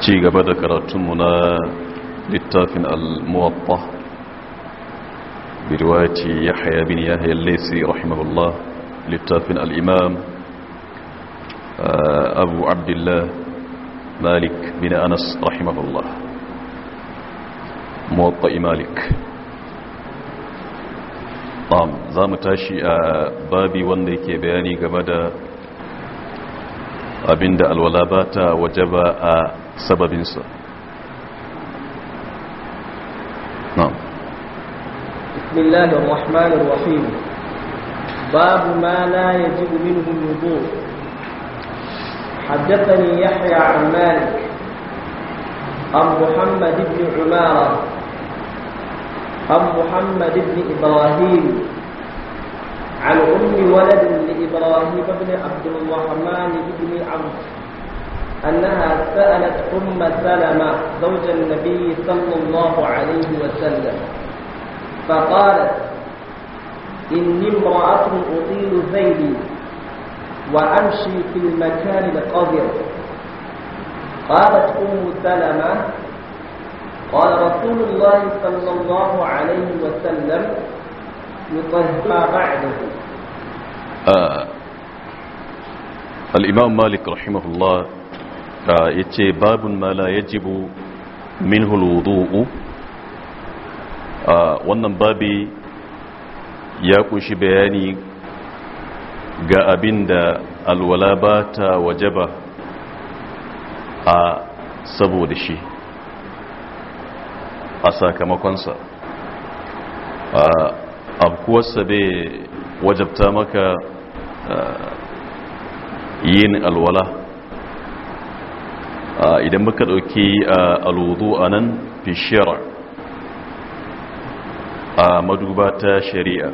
ci gaba da karatunmu na littafin al-muwatta bi riwayati yahya bin yahya al-laysi rahimahullah littafin al-imam abu abdullah malik bin anas rahimahullah muwatta malik za mu tashi a babi wanda yake bayani game da abinda alwala ba ta wajaba a sababinsa بسم الله الرحمن الرحيم باب ما لا يجب منه الوضوء حدثني يحيى عن مالك عن محمد بن عمارة عن محمد بن إبراهيم عن أم ولد لإبراهيم بن عبد الرحمن بن عوف أنها سألت أم سلمة زوج النبي صلى الله عليه وسلم فقالت إني امرأة أطيل ذيلي وأمشي في المكان القذر قالت أم سلمة قال رسول الله صلى الله عليه وسلم يطهر بعده آه الإمام مالك رحمه الله آه يتي باب ما لا يجب منه الوضوء wannan babi ya kunshi bayani ga abin da alwala ba ta wajaba a saboda shi a sakamakonsa abkuwarsa bai wajabta maka yin alwala idan muka ɗauki alwudu a nan fi shara a maduba ta shari'a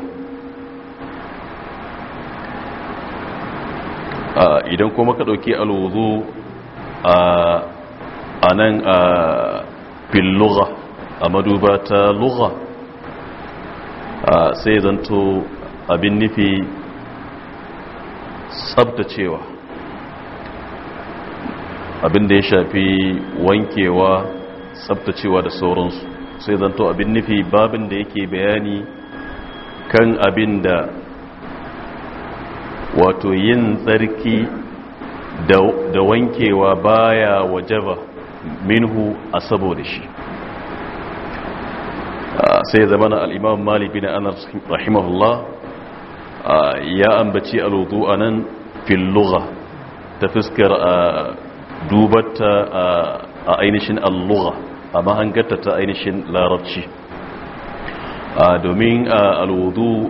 idan kuma ka ɗauki alwudu a nan a filluwa a maduba ta luwa sai zanto abin nufi tsabtacewa abin da ya shafi wankewa tsabtacewa da sauransu sai zanto abin nufi babin da yake bayani kan abin da wato yin tsarki da wankewa baya wajaba minhu a saboda shi sai zama na al'imam malibi na anar rahimahullah ya ambaci alwudu a nan filluga ta fuskar a a ainihin alluga a mahangarta ta ainihin larabci domin alwudu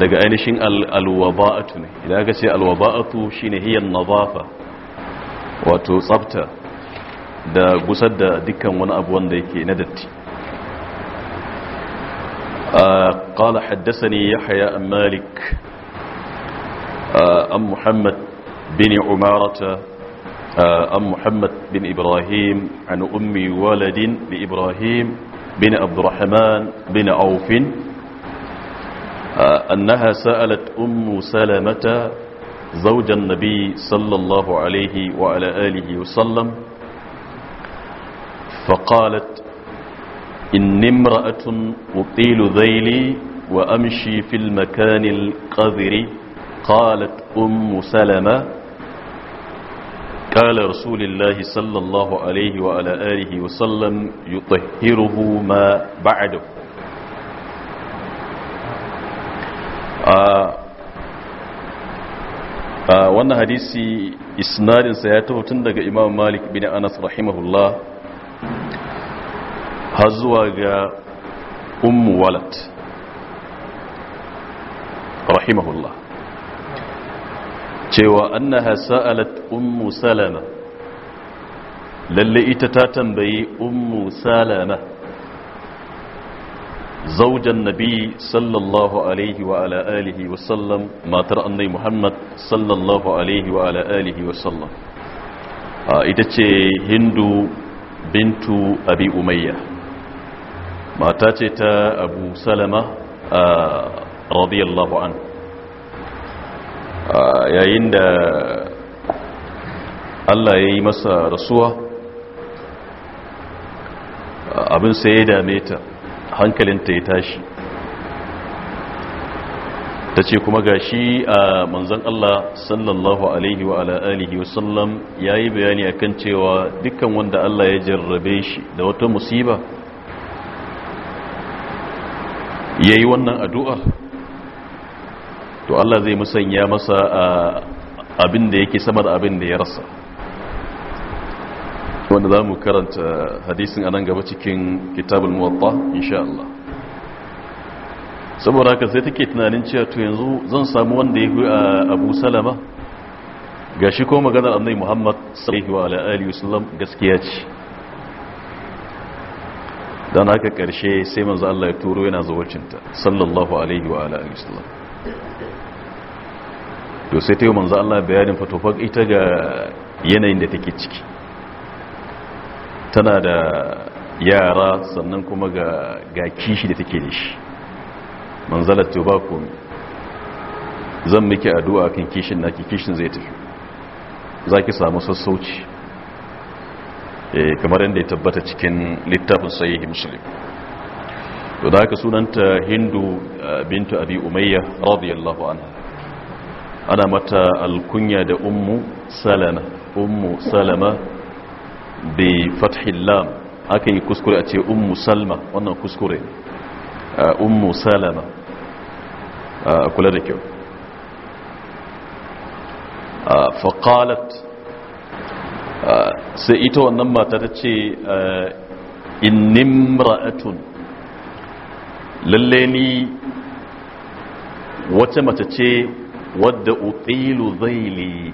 daga ainihin alwaba'atu ne idan aka ce alwaba'atu shine hiyar nazafa wato tsabta da gusar da dukkan wani abu wanda yake na datti آه، قال حدثني يحيى أم مالك آه، أم محمد بن عمارة آه، أم محمد بن إبراهيم عن أم ولد لإبراهيم بن عبد الرحمن بن عوف أنها سألت أم سلمة زوج النبي صلى الله عليه وعلى آله وسلم فقالت إن امرأة أطيل ذيلي وأمشي في المكان القذر قالت أم سلمة قال رسول الله صلى الله عليه وعلى آله وسلم يطهره ما بعده آه آه وانا حديثي isnadinsa ya taho tun daga imam malik bin anas har zuwa ga ummu walad rahimahullah cewa annaha sa'alat ummu salama lalle ita ta tambayi ummu salama zaujan nabi sallallahu alaihi wa ala alihi wa sallam matar annai muhammad sallallahu alaihi wa ala alihi wa sallam ita ce hindu bintu abi umayya mata ce ta abu salama radiyallahu an yayin da allah ya yi masa rasuwa abin sai ya dame ta hankalinta ya tashi ta ce kuma ga shi a manzan Allah sallallahu alaihi wa ala'alihi wasallam ya yi bayani akan cewa dukkan wanda Allah ya jarrabe shi da wata musiba ya yi wannan addu'a to Allah zai musanya masa abin da yake sama da abin da ya rasa wanda za mu karanta hadisin a nan gaba cikin kitabul muwatta insha Allah saboda haka sai take tunanin cewa to yanzu zan samu wanda ya a abu salama gashi ko maganar annai muhammad sallallahu alaihi wa alihi wasallam gaskiya ce don haka karshe sai manzo Allah ya turo yana zuwacinta sallallahu alaihi wa alihi wasallam to sai tayi manzo Allah bayanin fatofak ita ga yanayin da take ciki tana da yara sannan kuma ga ga kishi da take da shi manzalar tobacco zan miki addu'a kan kishin naki kishin zai tafi zaki samu sassauci kamar yadda ya tabbata cikin littafin sahihi muslim to da haka sunanta hindu bintu abi umayya radiyallahu anha ana mata alkunya da ummu salama ummu salama bi fathil lam aka yi kuskure a ce ummu salma wannan kuskure ummu salama kula da kyau فقالت Ah, sai ita wannan mata ta ce ah, innimra'atun lalle ni wata mace ce wadda utilu zaili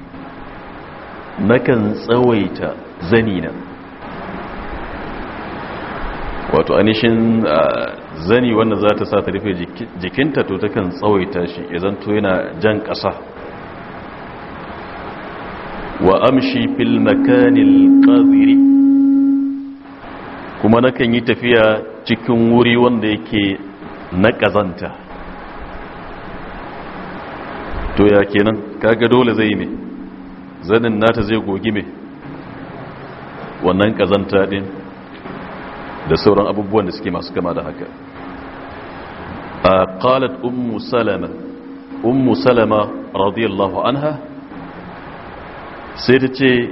nakan tsawaita zanina wato anishin ah, zani wanda za ta sa ta rufe jikinta to ta kan tsawaita shi idan to yana jan ƙasa wa amshi fil makanil qadiri kuma nakan yi tafiya cikin wuri wanda yake na kazanta to ya kenan kaga dole zai ne zanin nata zai gogi me wannan kazanta din da sauran abubuwan da suke masu kama da haka a qalat ummu salama ummu salama radiyallahu anha sai ta ce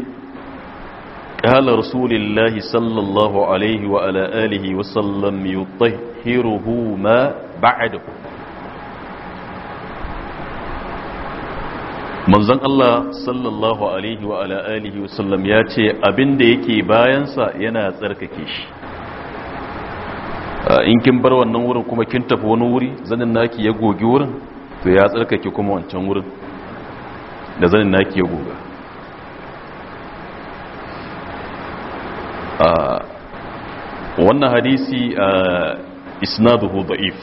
ƙalar rasulillahi sallallahu alaihi wa ala'alihi wasallam hu ma ku manzan Allah sallallahu alaihi wa ala'alihi wasallam ya ce abinda yake bayansa yana tsarkake shi in kin bar wannan wurin kuma kin tafi wani wuri zanin naki ya gogi wurin to ya tsarkake kuma wancan wurin da zanin naki ya goga wannan hadisi isnaduhu da'if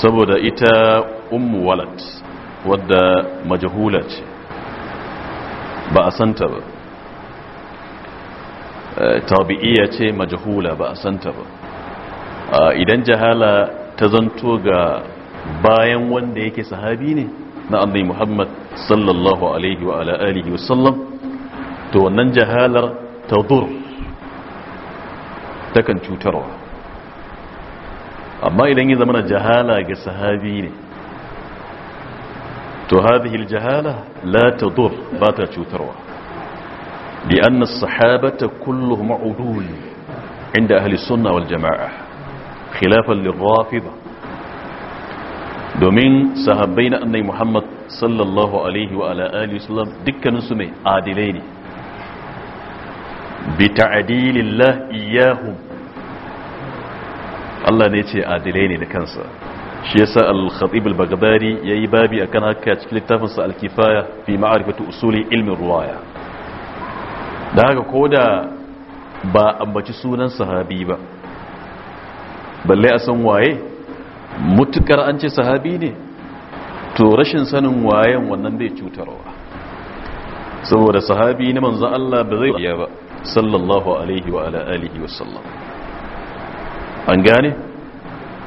saboda ita ummu walat wadda majahula ce ba a santa ba tabi'iya ce majahula ba a santa ba idan jahala ta zanto ga bayan wanda yake sahabi ne na annabi Muhammad sallallahu alaihi wa alihi wasallam to wannan jahalar ta zur kan cutarwa amma idan yi zamana jahala ga sahabi ne to hadhihi jahala la ta tadur ba ta cutarwa bi anna sahabata kulluhum udul inda ahli sunna wal jamaa khilafan lirrafida domin sahabbai na annabi Muhammad sallallahu alaihi wa ala alihi wasallam dukkanin su mai adilai ne bita'adilillah iyahum Allah ne ce adilai ne da kansa shi yasa al-khatib al-baghdadi yayi babi akan haka cikin littafin sa al-kifaya fi ma'rifatu usuli ilmin ruwaya da haka koda ba ambaci sunan sahabi ba balle a san waye mutukar an ce sahabi ne to rashin sanin wayen wannan zai cutarwa saboda sahabi ne manzo Allah ba zai iya ba sallallahu alaihi wa ala alihi wa sallam an gane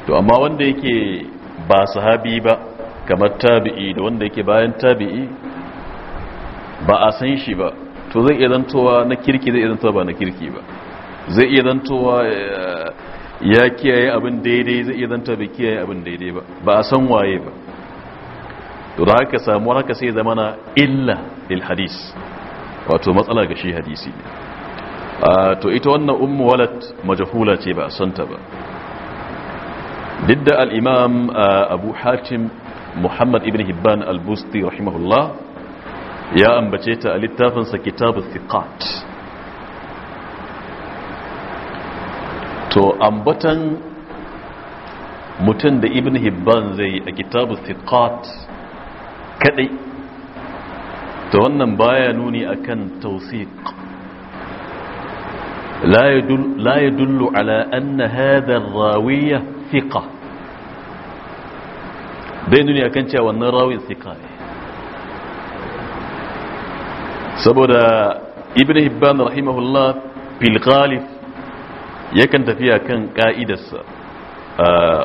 to amma wanda yake ba sahabi ba kamar tabi'i da wanda yake bayan tabi'i ba a san shi ba to zai iya zantowa na kirki zai iya zantowa ba na kirki ba zai iya zantowa eh, ya kiyaye abin daidai zai iya zantowa bai kiyaye abin daidai ba ba a san waye ba to da haka samuwar haka sai zama na illa lil hadis wato matsala ga shi hadisi ne to ita wannan ummu walad majahula ce ba a santa ba didda al-imam abu hatim muhammad ibn hibban al-busti rahimahullah ya ambace ta a littafinsa kitabu thiqat to ambatan mutum da ibn hibban zai a kitabu thiqat kadai to wannan baya nuni akan tawsiq لا يدل, لا يدل على أن هذا الراوية ثقة دينني أكنت وأن الراوي ثقة saboda ibn hibban rahimahullah fil ghalib yakan tafiya kan ka'idarsa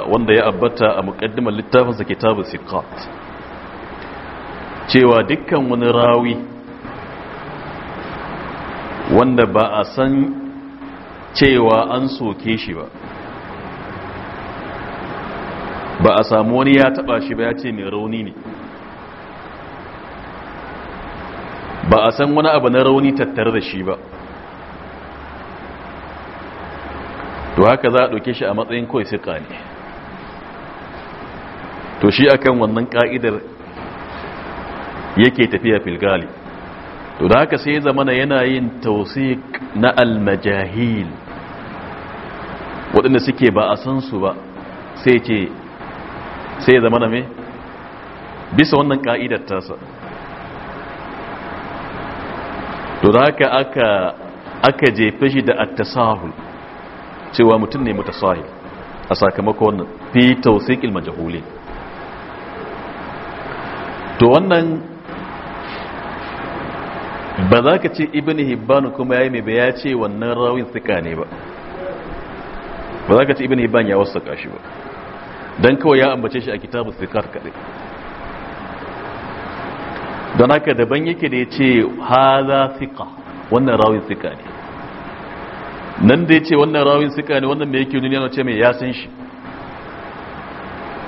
wanda ya abbata a mukaddimar littafinsa kitabul siqat cewa dukkan wani rawi wanda ba a san cewa an soke shi ba ba a samu wani ya taba shi ba ya ce mai rauni ne ba a san wani abu na rauni tattare da shi ba to haka za a ɗauke shi a matsayin kawai suka ne to shi akan wannan ƙa'idar yake tafiya filgali to da haka sai zamana yana yin tausik na almajahil waɗanda suke ba a san su ba sai ce sai zama na me bisa wannan ka'idar tasa to da haka aka aka jefe shi da attasahul cewa mutum ne mutasahil a sakamakon fi tawsiqil majhulin to wannan ba za ka ce ibn hibban kuma yayi mai ba ya ce wannan rawin suka ne ba ba za ka ci ibn hibban ya wasaka shi ba Don kawai ya ambace shi a kitabu sikar kaɗai don haka daban yake da ya ce haza sika wannan rawin sika ne nan da ya ce wannan rawin sika ne wannan mai yake nuni yana ce mai ya san shi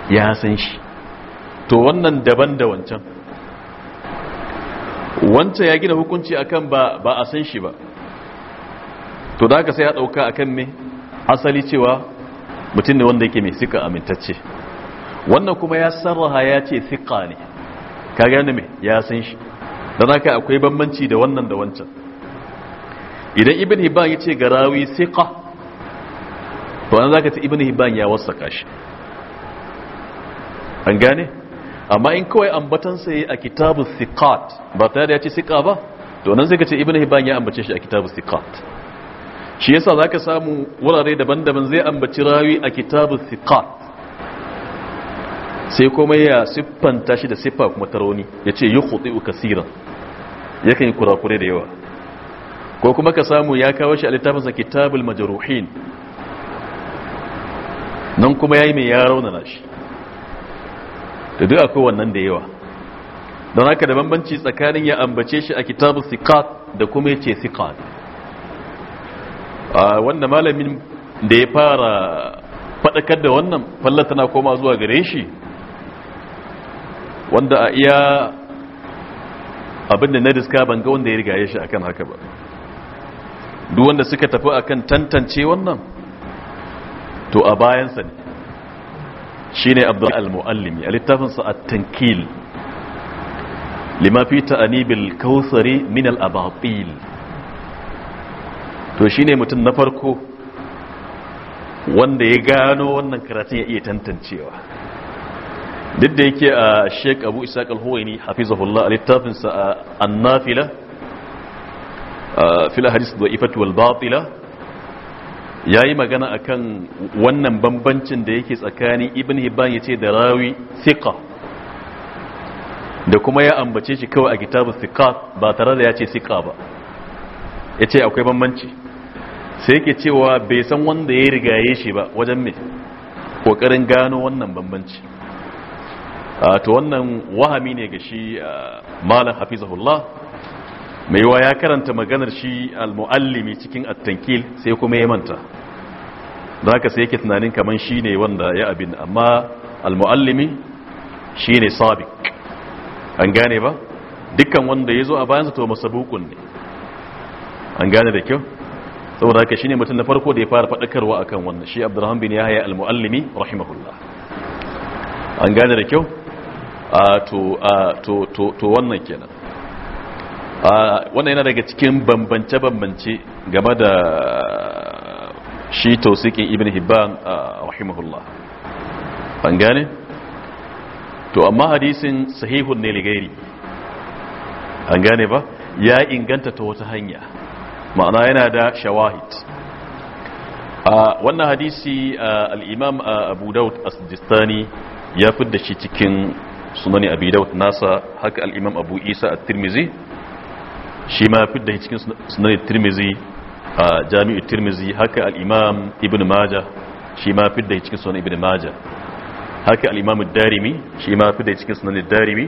ya san shi to wannan daban da wancan wancan ya gina hukunci akan ba a san shi ba to da aka sai ya ɗauka akan me asali cewa mutum ne wanda yake mai sika amintacce wannan kuma ya sarraha ya ce sika ne ka gane mai ya san shi don haka akwai bambanci da wannan da wancan idan ibn hibban ya ce ga rawi sika to an zaka ce ibn hibban ya wasaka shi an gane amma in kawai ambatansa ya yi a kitabu sikat ba tare da ya ce sika ba to nan zai ka ce ibn hibban ya ambace shi a kitabu sikat shi yasa zaka samu wurare daban-daban zai ambaci rawi a kitabu thiqat sai kuma ya siffanta shi da siffa kuma tarauni yace yukhti'u kaseeran yakan yi kurakure da yawa ko kuma ka samu ya kawo shi a littafinsa kitabul majruhin nan kuma yayi mai ya raunana shi da duk akwai wannan da yawa don haka da bambanci tsakanin ya ambace shi a kitabu sikat da kuma ya ce sikat wanda malamin da ya fara faɗakar da wannan falla tana koma zuwa gare shi wanda a iya abinda na diska ban ga wanda ya riga ya shi akan haka ba duk wanda suka tafi akan tantance wannan to a bayansa ne shi ne abdul al-mu'allimi a littafinsa a tankil lima fi ta'anibil kawsari min al-abatil to shine mutum na farko wanda ya gano wannan karatun ya iya tantancewa duk da yake a sheik abu isaac al-huwaini hafizahullah a littafinsa a annafila fila hadis da ifatu al-batila ya yi magana a kan wannan bambancin da yake tsakani ibn hibban ya ce da rawi thiqa da kuma ya ambace shi kawai a kitabu thiqa ba tare da ya ce thiqa ba ya ce akwai bambanci sai yake cewa bai san wanda ya rigaye shi ba wajen mai kokarin gano wannan bambanci to wannan wahami ne ga shi malam hafizahullah mai wa ya karanta maganar shi al-muallimi cikin at sai kuma ya manta don haka sai yake tunanin kaman shi ne wanda ya abin amma al-muallimi shi ne sabiq an gane ba dukkan wanda ya zo a bayansa to masabukun ne an gane da kyau saboda haka shine mutum na farko da ya fara fadakarwa akan wannan shi Abdurrahman bin Yahya al-Muallimi rahimahullah an gane da kyau a to to to to wannan kenan a wannan yana daga cikin bambance bambance game da shi tausikin Ibn Hibban rahimahullah an gane to amma hadisin sahihun ne ligairi an gane ba ya inganta ta wata hanya ma'ana yana da shawahid wannan hadisi al'imam abu daud asdistani ya fidda shi cikin sunani abu daud nasa haka al'imam abu isa a tirmizi shi ma fidda shi cikin sunani tirmizi a jami'u tirmizi haka al'imam ibn maja shi ma fidda shi cikin sunani ibn maja haka al'imam darimi shi ma fidda shi cikin sunani darimi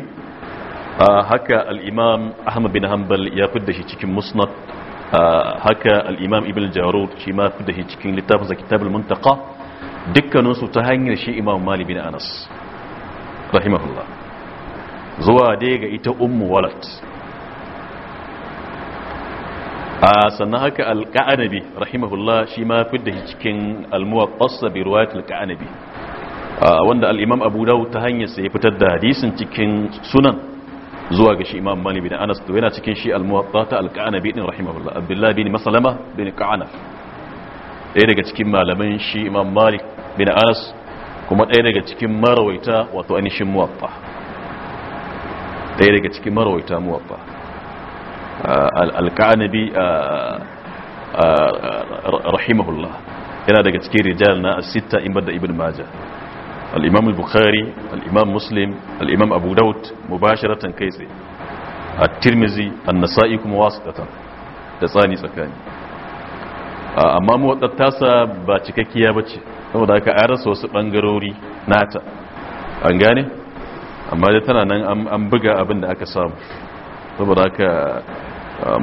haka al'imam ahmad bin hanbal ya fidda shi cikin musnad haka al-imam ibn jarud shi ma fi da shi cikin littafinsa kitabul muntaka dukkaninsu ta hanyar shi imam malik bin anas rahimahullah zuwa dai ga ita ummu walat a sannan haka alka'anabi rahimahullah shi ma fi da cikin almuwaƙasa bi al alka'anabi wanda al'imam abu dawud ta hanyar sai fitar da hadisin cikin sunan zuwa ga shi imam malik bin anas to yana cikin shi al-muwatta ta al-qanabi bin rahimahullah abdullah bin maslama bin qanaf ɗaya daga cikin malaman shi imam malik bin anas kuma ɗaya daga cikin marawaita wato anishin muwatta ɗaya daga cikin marawaita muwatta al-qanabi rahimahullah yana daga cikin rijal na sita in badda ibn majah al'imam البخاري bukhari al'imam muslim al'imam abu daud كيسي kai tsaye a tirmizi an nasa'i kuma wasu da tsani tsakani amma tasa ba cikakkiya ba ce saboda aka arasa wasu ɓangarori nata an gane amma da tana nan an buga abin da aka samu saboda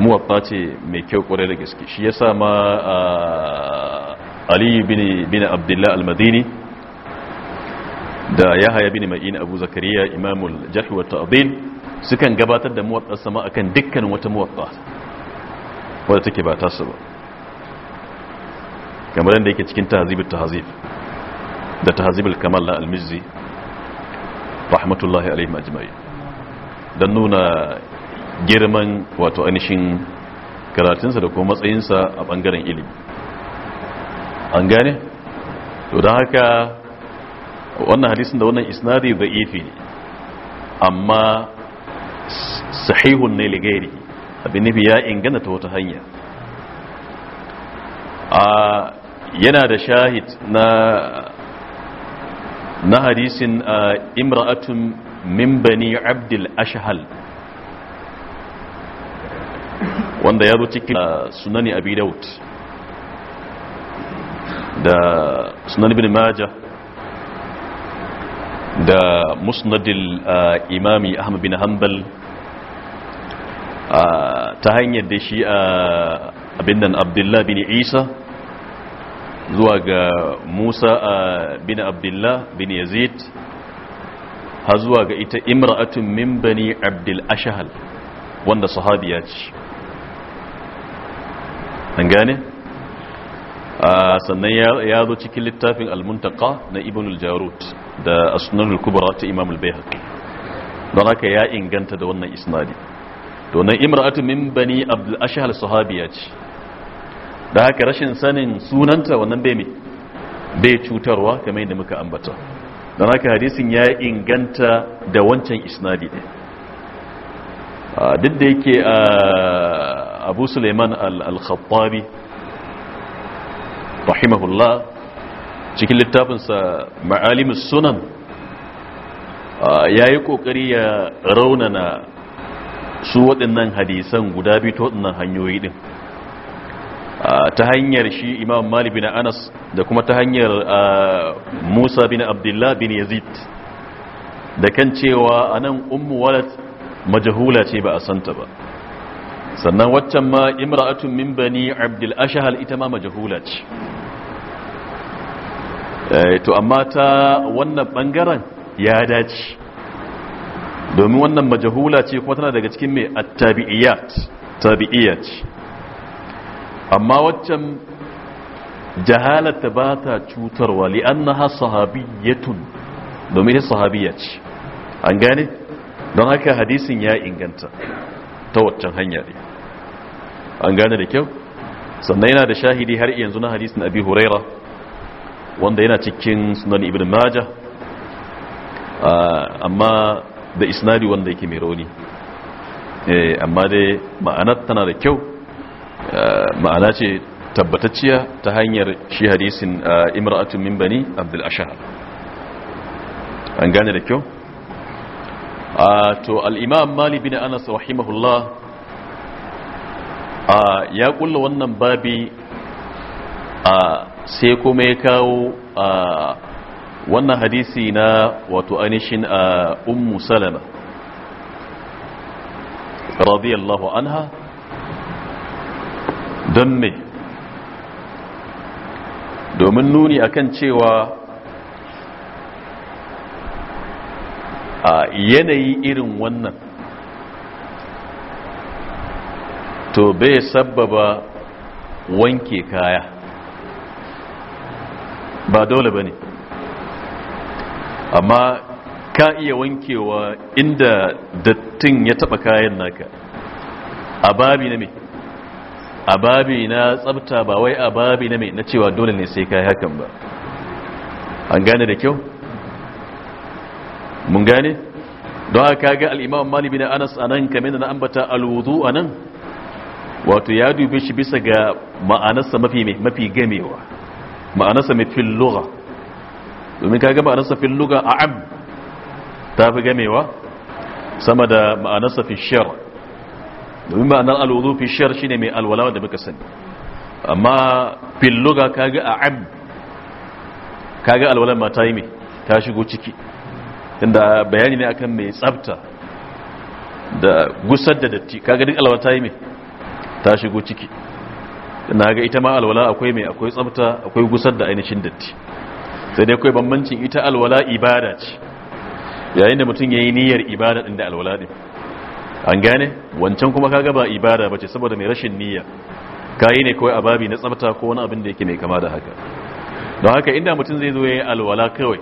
mu wadda ce mai kyau kwarai da gaske shi ya sa ma aliyu bin abdullahi al-madini da yahaya mai ina abu zakariya imamul jarh wa ta'dil sukan gabatar da muwatta sama akan dukkan wata muwatta wadda take ba ta ba kamar da yake cikin tahzibut tahzib da tahzibul kamal la al-mizzi rahmatullahi alaihim ajma'in dan nuna girman wato ainihin karatunsa da kuma matsayinsa a bangaren ilimi an gane to don haka wannan hadisin da wannan isnadi da ifi ne amma sahihun ne ligari abin nufi ya inganta ta wata hanya yana da shahid na na hadisin imra'atun min bani abdul ashhal wanda ya zo cikin sunani abi daud da sunan ibn majah da musnadil ah, imami ahmad bin hanbal ah, ta hanyar da shi ah, abin nan abdullah bin isa zuwa ga musa bin abdullah bin yazid har zuwa ga ita imra'atun min bani abdul ashahal wanda sahabiya ce an gane sannan ya zo cikin littafin almuntaka na ibn al-jarut da asnanul kubra ta imam al-bayhaqi don haka ya inganta da wannan isnadi domin imratu min bani abdul ashhal sahabiya ce da haka rashin sanin sunanta wannan bai me bai cutarwa kamar yadda muka ambata don haka hadisin ya inganta da wancan isnadi ɗin duk da yake abu suleiman al-khattabi rahimahullah cikin littafinsa ma'alimus sunan ya yi ƙoƙari ya raunana su waɗannan hadisan guda biyu ta waɗannan hanyoyi ɗin ta hanyar shi imam mali bin anas da kuma ta hanyar musa bin abdullah bin yazid da kan cewa a nan ummu walat majahula ce ba a santa ba sannan waccan ma imra'atun min bani abdul ita ma majahula ce Eh, to amma ta wannan bangaren ya dace domin wannan majahula ce kuma tana daga cikin mai attabi'iyat tabi'iyat amma waccan jahalata ba ta cutarwa li'annaha sahabiyyatun domin sahabiyya ce an gane don haka hadisin ya inganta ta waccan hanya ne an gane da kyau sannan yana da shahidi har yanzu na hadisin abi huraira wanda yana cikin sunan ibn maja amma da isnadi wanda yake mai rauni eh, amma dai ma'anar tana da kyau eh, ma'ana ce tabbatacciya ta hanyar shi hadisin imra'atun min bani abdul ashar an gane da kyau to al'imam mali bin anas rahimahullah ya kulla wannan babi a sai kuma ya kawo a wannan hadisi na wato Anishin a ummu salama radiyallahu anha don me domin nuni akan cewa a yanayi irin wannan to bai sababa wanke kaya ba dole ba ne amma ka iya wankewa inda dattin ya taɓa kayan naka a babi na mai a babi na tsabta ba wai a babi na mai na cewa dole ne sai yi hakan ba an gane da kyau mun gane don haka ga al'imam malibi na anas a nan kamar na ambata alwudu a nan wato ya dubi shi bisa ga ma'anarsa mafi gamewa ma'anarsa mai fil lugha domin kaga ma'anarsa fil a am ta fi gamewa sama da ma'anarsa fi shiyar domin ma'anar al'udu fi shi shine mai alwala da muka sani amma fil ga a am kaga ga ma ta yi mai ta shigo ciki inda bayani ne akan mai tsabta, da gusar da datti ka duk alwala ta yi mai ta shigo ciki na ga ita ma alwala akwai mai akwai tsabta akwai gusar da ainihin datti sai dai akwai bambancin ita alwala ibada ce yayin da mutum ya yi niyyar ibada ɗin da alwala ne. an gane wancan kuma ka ba ibada ba ce saboda mai rashin niyya yi ne kawai a babi na tsafta ko wani abin da yake mai kama da haka don haka inda mutum zai zo ya yi alwala kawai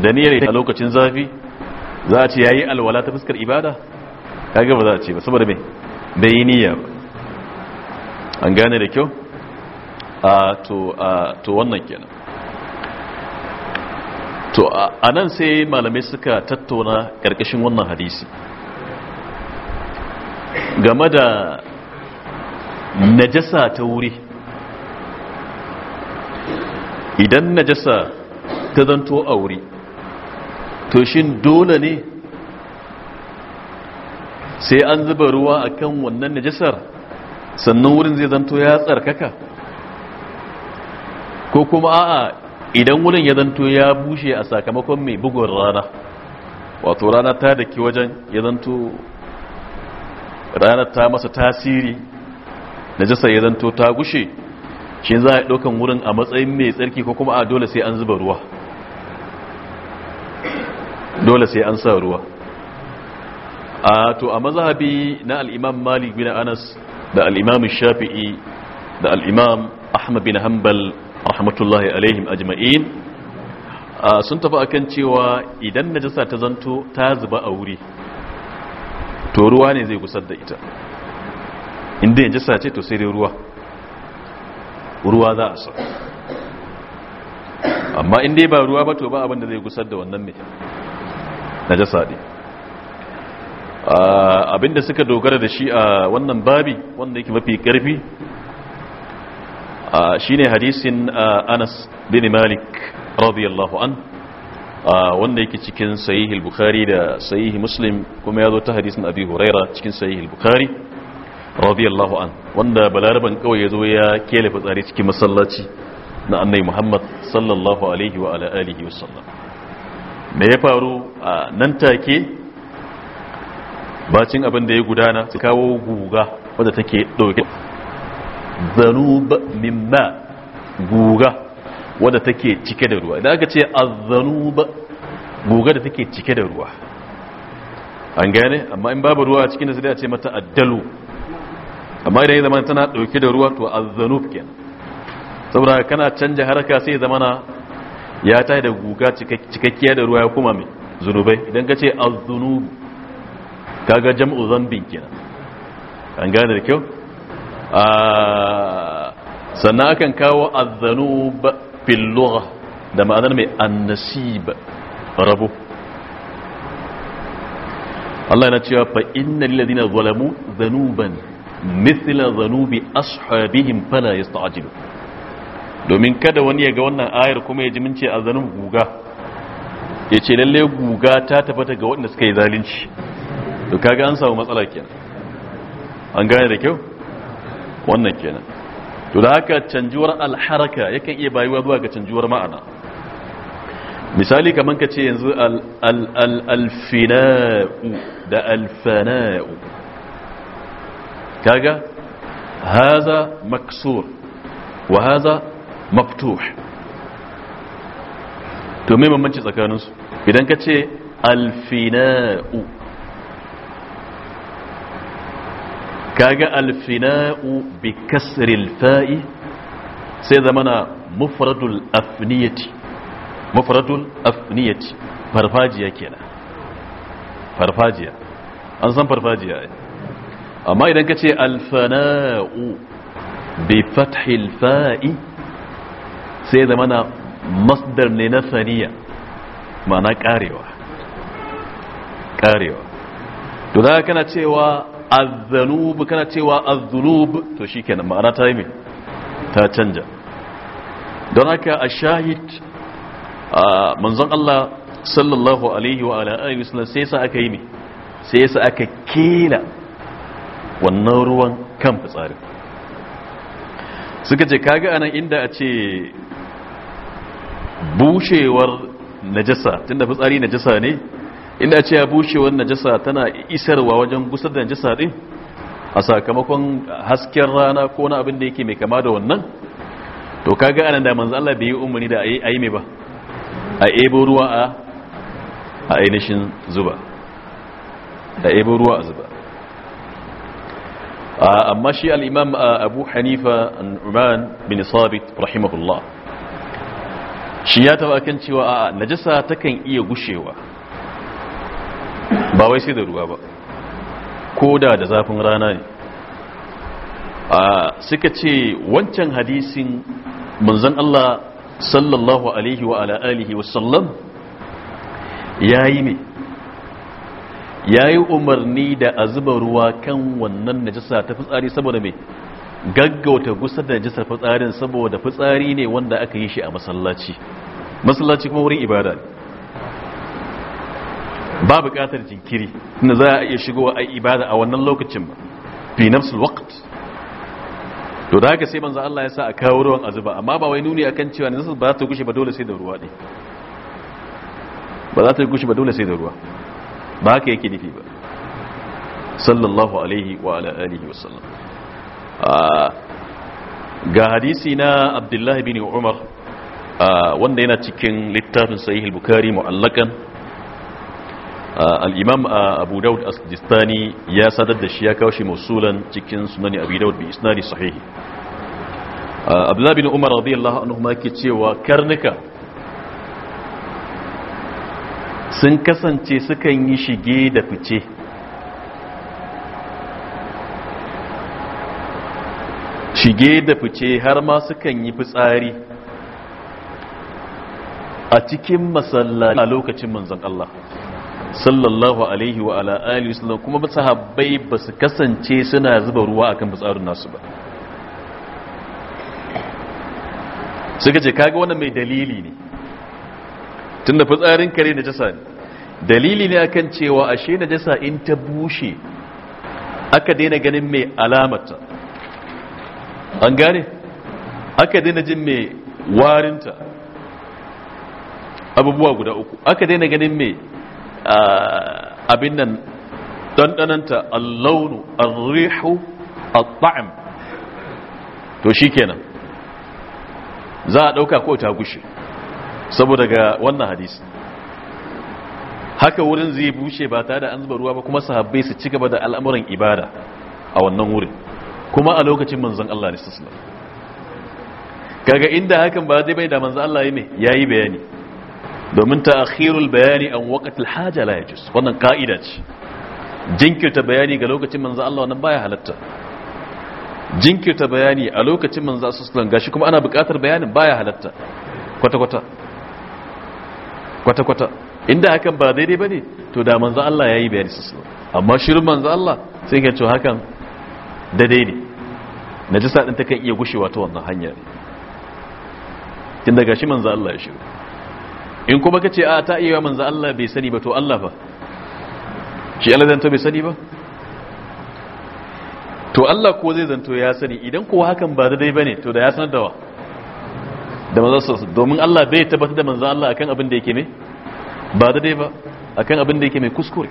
da niyyar a lokacin zafi za a ce ya yi alwala ta fuskar ibada kaga ba za a ce ba saboda mai bai yi niyya ba an gane da kyau to wannan kenan to a nan sai malamai suka tattauna ƙarƙashin wannan hadisi game da najasa ta wuri idan najasa ta zanto a wuri to shin dole ne sai an zuba ruwa akan wannan najasar sannan wurin zai zanto ya tsarkaka ko kuma a'a idan wurin ya zanto ya bushe a sakamakon mai bugun rana wato rana ta daki wajen ya zanto rana ta masa tasiri na jisa ya zanto ta gushe shi za a ɗaukan wurin a matsayin mai tsarki ko kuma a dole sai an zuba ruwa dole sai an sa ruwa a to a mazhabi na al'imam malik bin anas da al'imam shafi'i da al'imam ahmad bin hanbal rahmatullahi alaihim ajma'in sun tafi akan cewa idan najasa ta zanto ta zuba a wuri to ruwa ne zai gusar da ita inda najasa ce to sai dai ruwa ruwa za a sa amma inda ba ruwa ba to ba abinda zai gusar da wannan mai najasa ne abinda suka dogara da shi a wannan babi wanda yake mafi karfi ne hadisin Anas bin Malik radiyallahu an wanda yake cikin sahih bukhari da sahih Muslim kuma ya zo ta hadisin Abi Huraira cikin sahih bukhari radiyallahu an wanda balaraban kawai ya zo ya kele fitsari cikin masallaci na annai Muhammad sallallahu alaihi wa alihi wa me ya faru nan take bacin abin da ya gudana su kawo guga wadda take dauke zanub mimma guga wadda take cike da ruwa idan aka ce azanub guga da take cike da ruwa an gane amma in babu ruwa a cikin da sai a ce mata addalu amma idan ya zama tana dauke da ruwa to azanub ken saboda kana canja haraka sai zamana ya tayi da guga cikakkiya da ruwa ya kuma mai zunubai idan ka ce azunub kaga jam'u zambin kenan an gane da kyau ah, sannan akan kawo azzanub fil lugha da ma'anar mai annasib rabu Allah yana cewa fa innal ladina zalamu zanuban mithla zanubi ashabihim fala yasta'jilu domin kada wani ya ga wannan ayar kuma ya ji mun ce guga ya ce lalle guga ta tabbata ga waɗanda suka yi zalunci to kaga an samu matsala kenan an gane da kyau wannan kenan to da haka canjuwar alharaka yakan iya bayuwa zuwa ga canjuwar ma'ana misali kamar ka ce yanzu alfina'u da alfana'u kaga haza maksur wa haza maftuh to me bambanci tsakaninsu idan ka ce alfina'u kaga alfina'u bi kasril fa'i sai zamana mufradul afniyati mufradul afniyati farfajiya kenan farfajiya an san farfajiya ai amma idan ka ce alfana'u bi fathil fa'i sai zamana masdar ne na saniya ma'ana karewa karewa to da kana cewa azzanub kana cewa azzunub to shikenan ma'ana ta yi ta canja don haka a shahid manzon Allah sallallahu alaihi wa alihi wasallam sai sa aka yi ne sai sa aka kila wannan ruwan kan fitsarin suka ce kaga anan inda a ce bushewar najasa tunda fitsari najasa ne inda ce ya bushewar najasa tana isarwa wajen gusar da najasa din a sakamakon hasken rana ko na abin da yake mai kama da wannan to kaga anan da manzo Allah bai yi umarni da ayi ayi mai ba a ebo ruwa a a ainihin zuba a ebo ruwa a zuba amma shi al-imam Abu Hanifa Uman bin Sabit rahimahullah shi ya taba kan cewa a najasa takan iya gushewa ba wai sai da ruwa ba ko da da zafin rana ne suka ce wancan hadisin manzan Allah sallallahu alaihi wa ala'alihi wa sallam yayi ya yi umarni da azuba ruwa kan wannan najasa ta fitsari saboda mai. gaggauta gusar da jisar fitsarin saboda fitsari ne wanda aka yi shi a masallaci masallaci kuma wurin ibada ba buƙatar jinkiri inda za a iya shigo a ibada a wannan lokacin ba fi nafsul waqt to da haka sai manzo Allah ya sa a kawo ruwan azuba amma ba wai nuni akan cewa najisar ba za ta gushe ba dole sai da ruwa ne ba za ta gushe ba dole sai da ruwa ba haka yake nufi ba sallallahu alaihi wa ala alihi wa sallam Ah, ga hadisi na abdullahi bin umar ah, wanda yana cikin littafin sahih al-bukhari mu'allakan ah, al-imam abu daud as-sijistani ya sadar da shi ya kawo shi musulan cikin sunani abu daud bi isnadi sahih abdullahi bin umar radiyallahu anhu ma ke cewa karnuka sun kasance sukan yi shige da fice shige da fice har ma sukan yi fitsari a cikin masallaci a lokacin manzon Allah sallallahu alaihi wa ala alihi wasallam kuma sahabbai ba su kasance suna zuba ruwa akan fitsarin nasu ba suka ce kaga wannan mai dalili ne tunda fitsarin kare jasa ne dalili ne akan cewa ashe jasa in ta bushe aka daina ganin mai alamata an gane aka daina jin mai warinta abubuwa guda uku aka daina ganin mai abin nan ɗanɗananta allaunu arrihu al-ta'am to shi za a ɗauka ko ta gushe saboda ga wannan hadisi haka wurin zai bushe ba tare da an zuba ruwa ba kuma sahabbai su ci gaba da al'amuran ibada a wannan wurin kuma a lokacin manzan Allah ne sallallahu kaga inda hakan ba zai bai da manzan Allah ne yayi bayani domin ta akhirul bayani an waqtil haja la yajuz wannan ka'ida ce jinkirta bayani ga lokacin manzan Allah wannan baya halatta jinkirta bayani a lokacin manzan Allah sallallahu gashi kuma ana buƙatar bayanin baya halatta kwata kwata kwata kwata inda hakan ba daidai bane to da manzan Allah yayi bayani sallallahu amma shirin manzan Allah sai ka ce hakan daidai ne najasa din kan iya gushewa ta wannan hanya ne tun daga shi manzo Allah ya shi in kuma kace a ta iya manzo Allah bai sani ba to Allah ba shi Allah zanto bai sani ba to Allah ko zai zanto ya sani idan kuwa hakan ba daidai bane to da ya sanar da wa da manzo domin Allah bai tabbatar da manzo Allah akan abin da yake ne ba daidai ba akan abin da yake mai kuskure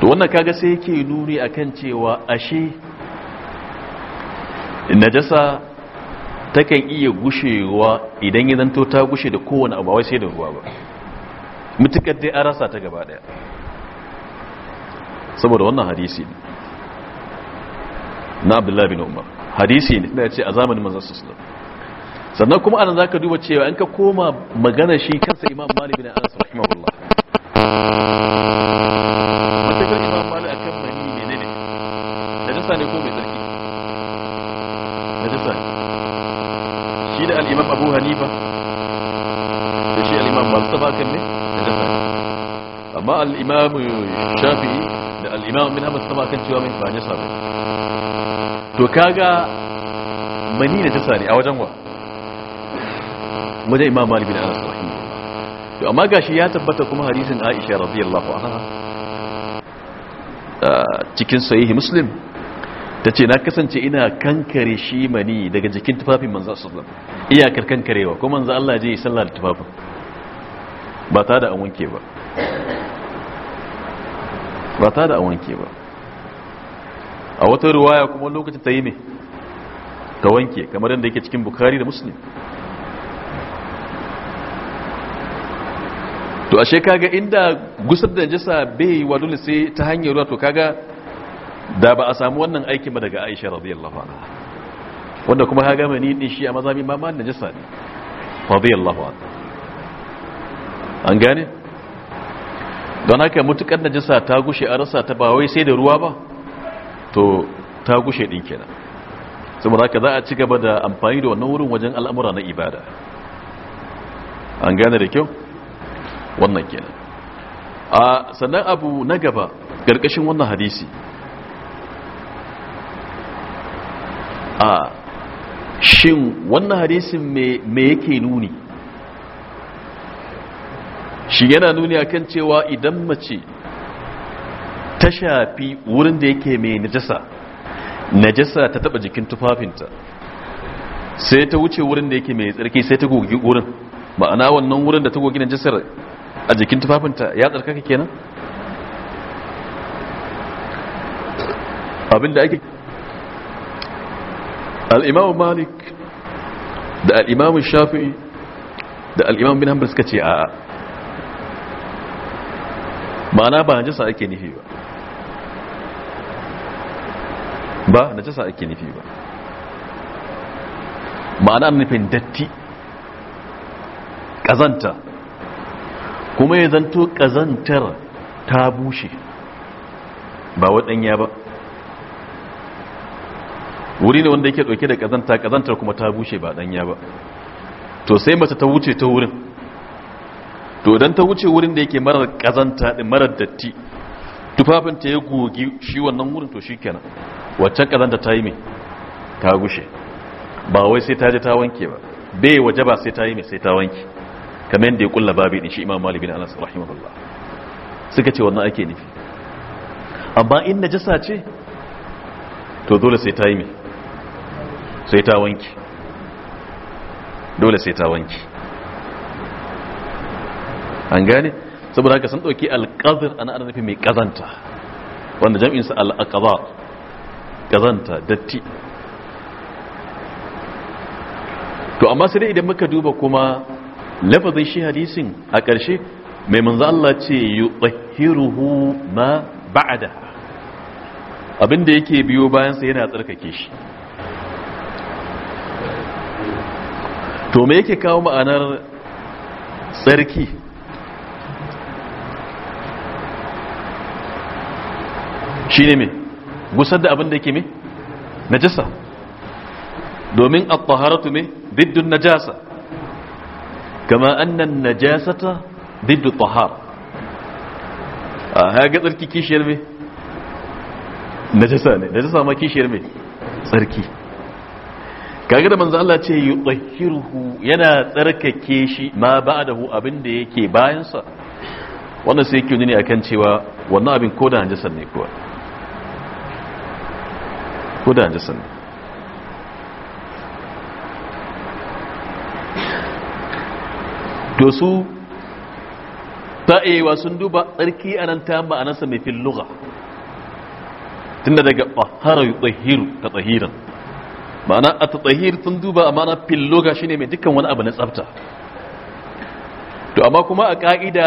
to wannan kaga sai yake nuni akan cewa ashe najasa takan iya gushewa idan ya zanto ta gushe da kowane abu wai sai da ruwa ba mutukar dai an rasa ta gaba daya saboda wannan hadisi na abdullahi bin umar hadisi ne da ce a zamanin manzon sallallahu sannan kuma anan zaka duba cewa an ka koma magana shi kansa imam malik bin anas rahimahullah abu hanifa da shi al'imam masu taba kan ne da dafa amma al'imam shafi'i da al'imam bin hamas taba kan cewa mai ba ne ba. to kaga mani da tasa ne a wajen wa wajen imam malibi da anas rahim to amma gashi ya tabbata kuma harisun aisha radiyallahu anha cikin sahihi muslim ta ce na kasance ina kankare shi mani daga jikin tufafin manzo sallallahu alaihi wasallam iyakar kankarewa ko manzo Allah je yi sallah da tufafi ba ta da an wanke ba ba ta da awanke ba a wata ruwaya kuma lokacin ta yi ne ta wanke kamar yadda yake cikin bukari da muslim to ashe kaga inda gusar da jisa bai wa dole sai ta hanyar ruwa to kaga da ba a samu wannan aikin ba daga aisha radiyallahu anha wanda kuma ha gama ni din shi a mazhabi ma ma najasa ne radiyallahu anhu an gane don haka mutukar najasa ta gushe a rasa ta ba wai sai da ruwa ba to ta gushe din kenan saboda haka za a ci gaba da amfani da wannan wurin wajen al'amura na ibada an gane da kyau wannan kenan a sannan abu na gaba ƙarƙashin wannan hadisi a shin wannan hadisin me yake nuni shi yana nuni akan cewa idan mace ta shafi wurin da yake mai najasa najasa ta taba jikin tufafinta sai ta wuce wurin da yake mai tsarki sai ta gogi wurin ma'ana wannan wurin da ta gogi najasar a jikin tufafinta ya tsarkaka kenan abinda ake al'imamu malik da al'imamu shafi'i da al'imamu bin hanbal suka ce a'a ma'ana ba najasa ake nufi ba ba najasa ake nufi ba ma'ana nufin datti ƙazanta kuma ya zanto ƙazantar ta bushe ba waɗanya ba wuri ne wanda yake dauke da kazanta kazantar kuma ta bushe ba danya ba to sai mace ta wuce ta wurin to dan ta wuce wurin da yake marar kazanta din marar datti tufafin ta ya gogi shi wannan wurin to shikenan waccan kazanta ta yi mai ta gushe ba wai sai ta je ta wanke ba bai waje ba sai ta yi mai sai ta wanke kamar yadda ya kulla babi din shi imam malik bin anas rahimahullah suka ce wannan ake nufi amma in najasa ce to dole sai ta yi mai sai ta wanki dole sai ta wanki an gane saboda haka sun ɗauki alƙazir ana ana nufi mai ƙazanta wanda jam'insa al'aƙaza ƙazanta datti to amma sai dai idan muka duba kuma lafazin shi hadisin a ƙarshe mai manzo Allah ce yi tsahiruhu ma ba'ada abinda yake biyo bayansa yana tsarkake shi to me yake kawo ma'anar tsarki shi ne me gusar da abin da yake mai najasa domin a taharatu me diddun najasa kama annan najasata diddu tahar a haga tsarki kishiyar me najasa ne najasa ma kishiyar me tsarki kage da manzo Allah ce yutahhiruhu yana tsarkake shi ma ba'dahu abin da yake bayan sa wannan sai yake nuni akan cewa wannan abin ko da hanjisar ne kuwa ko da hanjisar ne to su ta'ewa sun duba tsarki anan ta ma'anarsa mai fil lugha tunda daga tahara yutahhiru ta tahiran ma'ana a tsahir sun duba a ma'ana filloga shine mai dukkan wani abu na tsafta to amma kuma a ka'ida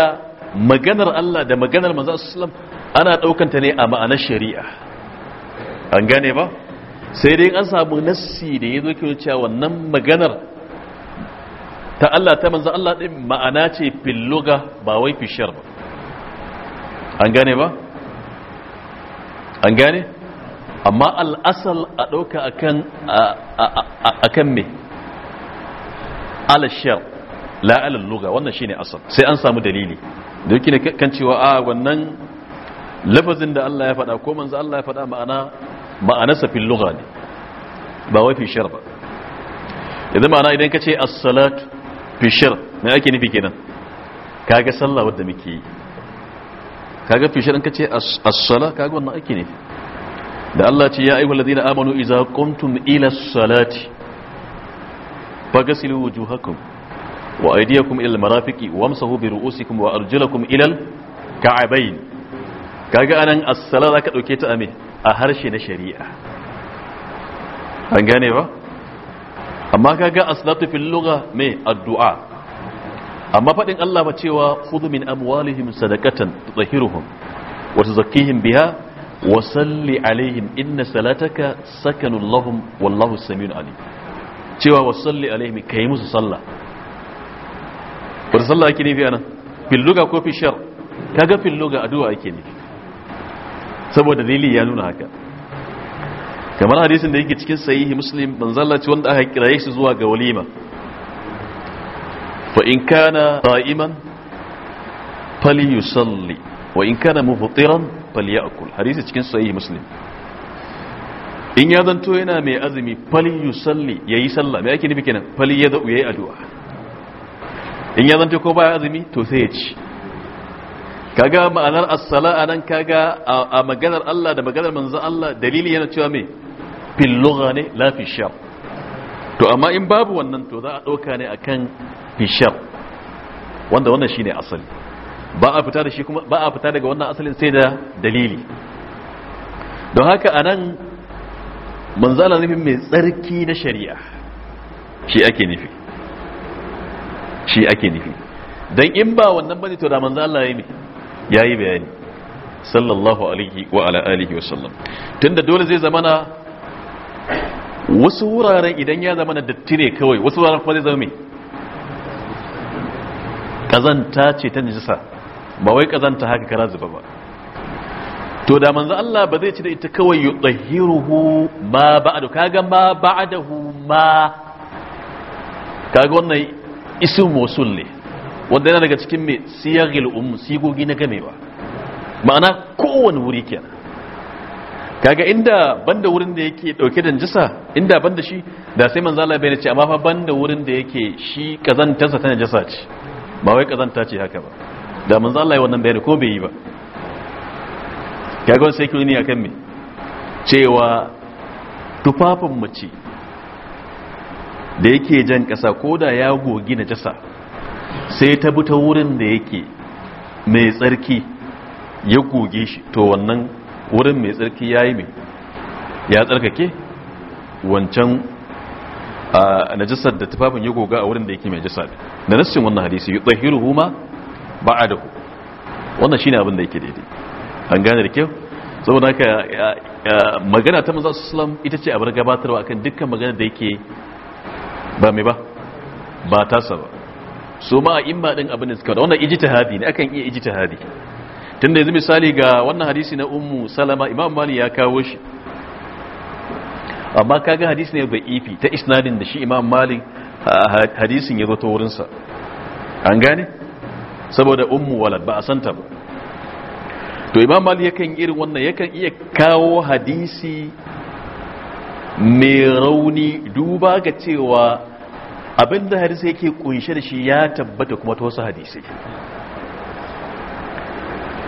maganar Allah da maganar manzo sallam ana daukanta ne a ma'anar shari'a an gane ba sai dai an samu nassi da yazo ke cewa wannan maganar ta Allah ta manzo Allah din ma'ana ce filloga ba wai fishar ba an gane ba an gane amma al'asal a ɗauka a kan me alashar la'alar luga wannan shine asal sai an samu dalili da ne kan cewa a wannan lafazin da Allah ya faɗa ko manzo Allah ya faɗa ma'ana ma'anarsa fil luga ne ba wai fi shar ba yanzu ma'ana idan ka ce as-salat fi shar me ake nufi kenan kaga sallah wadda muke yi kaga fi shar in ka ce as-sala kaga wannan ake nufi da Allah ce ya ayyuhal ladina amanu idza qumtum ila salati faghsilu wujuhakum wa aydiyakum ila almarafiqi wamsahu bi ru'usikum wa arjulakum ila alka'bayn kaga anan as-sala zaka dauke ta ame a harshe na shari'a an gane ba amma kaga as-salatu fil lugha me addu'a amma fadin Allah ba cewa khudhu min amwalihim sadaqatan tutahhiruhum wa tuzakkihim biha wasalli alaihim inna salataka sakanun lahum wallahu samiun alim cewa Wasalli salli alaihim kai musu sallah wata sallah ake nufi anan filluga ko fishar kaga filluga addu'a ake nufi saboda dalili ya nuna haka kamar hadisin da yake cikin sahihi muslim manzalla ce wanda aka kiraye shi zuwa ga walima fa in kana qa'iman yusalli wa in kana muftiran falyakul hadisi cikin sahih muslim in ya zanto yana mai azumi fali yusalli yayi sallah me ake nufi kenan fal ya zau yayi addu'a in ya zanto ko baya azumi to sai ya ci kaga ma'anar as-sala anan kaga a maganar Allah da maganar manzon Allah dalili yana cewa me fil lugha ne la fi shar to amma in babu wannan to za a dauka ne akan fi shar wanda wannan shine asali ba a fita daga wannan asalin sai da dalili don haka anan nan manzala nufin mai tsarki na shari'a shi ake nufi shi ake nufi don in ba wannan bane to da ya yi ya yi bayani sallallahu alaihi wa ala'alihi wa sallam tunda dole zai zamana wasu wuraren idan ya zamana datti ne kawai wasu wuraren kuma zai zama mai. kazanta ce ta nijisa ba wai kazanta haka kara zuba ba to da manzo Allah ba zai ci da ita kawai yutahhiruhu ma ba'du kaga ma ba'dahu ma kaga wannan isim mausul ne wanda yana daga cikin me siyaghil um sigogi na ba. ma'ana kowane wuri kenan kaga inda banda wurin da yake dauke da najasa inda banda shi da sai manzo Allah bai ce amma fa banda wurin da yake shi kazantarsa ta najasa ce ba wai kazanta ce haka ba da mun Allah yi wannan bayani ko bai yi ba kagon sai kuni akan me cewa tufafin mace da yake jan kasa ko da ya gogi na jasa sai ta bi ta wurin da yake mai tsarki ya goge shi to wannan wurin mai tsarki ya yi mai ya tsarkake wancan a najisar da tufafin ya goga a wurin da yake mai jasa da nassin wannan hadisi yi tsahiru huma ku. wannan shine abin da yake daidai an gane da kyau saboda haka magana ta manzo sallam ita ce abin gabatarwa akan dukkan magana da yake ba mai ba ba tasa ba so ma a imma din abin da suka da wannan ijtihadi ne akan iya ijtihadi tunda yanzu misali ga wannan hadisi na ummu salama imam mali ya kawo shi amma kaga hadisi ne bai ifi ta isnadin da shi imam mali hadisin ya zo ta wurinsa an gane saboda ummu walad ba a santa ba to imam mali yakan irin wannan yakan iya kawo hadisi mai rauni duba ga cewa abinda hadisi yake kunshe da shi ya tabbata kuma ta wasu hadisi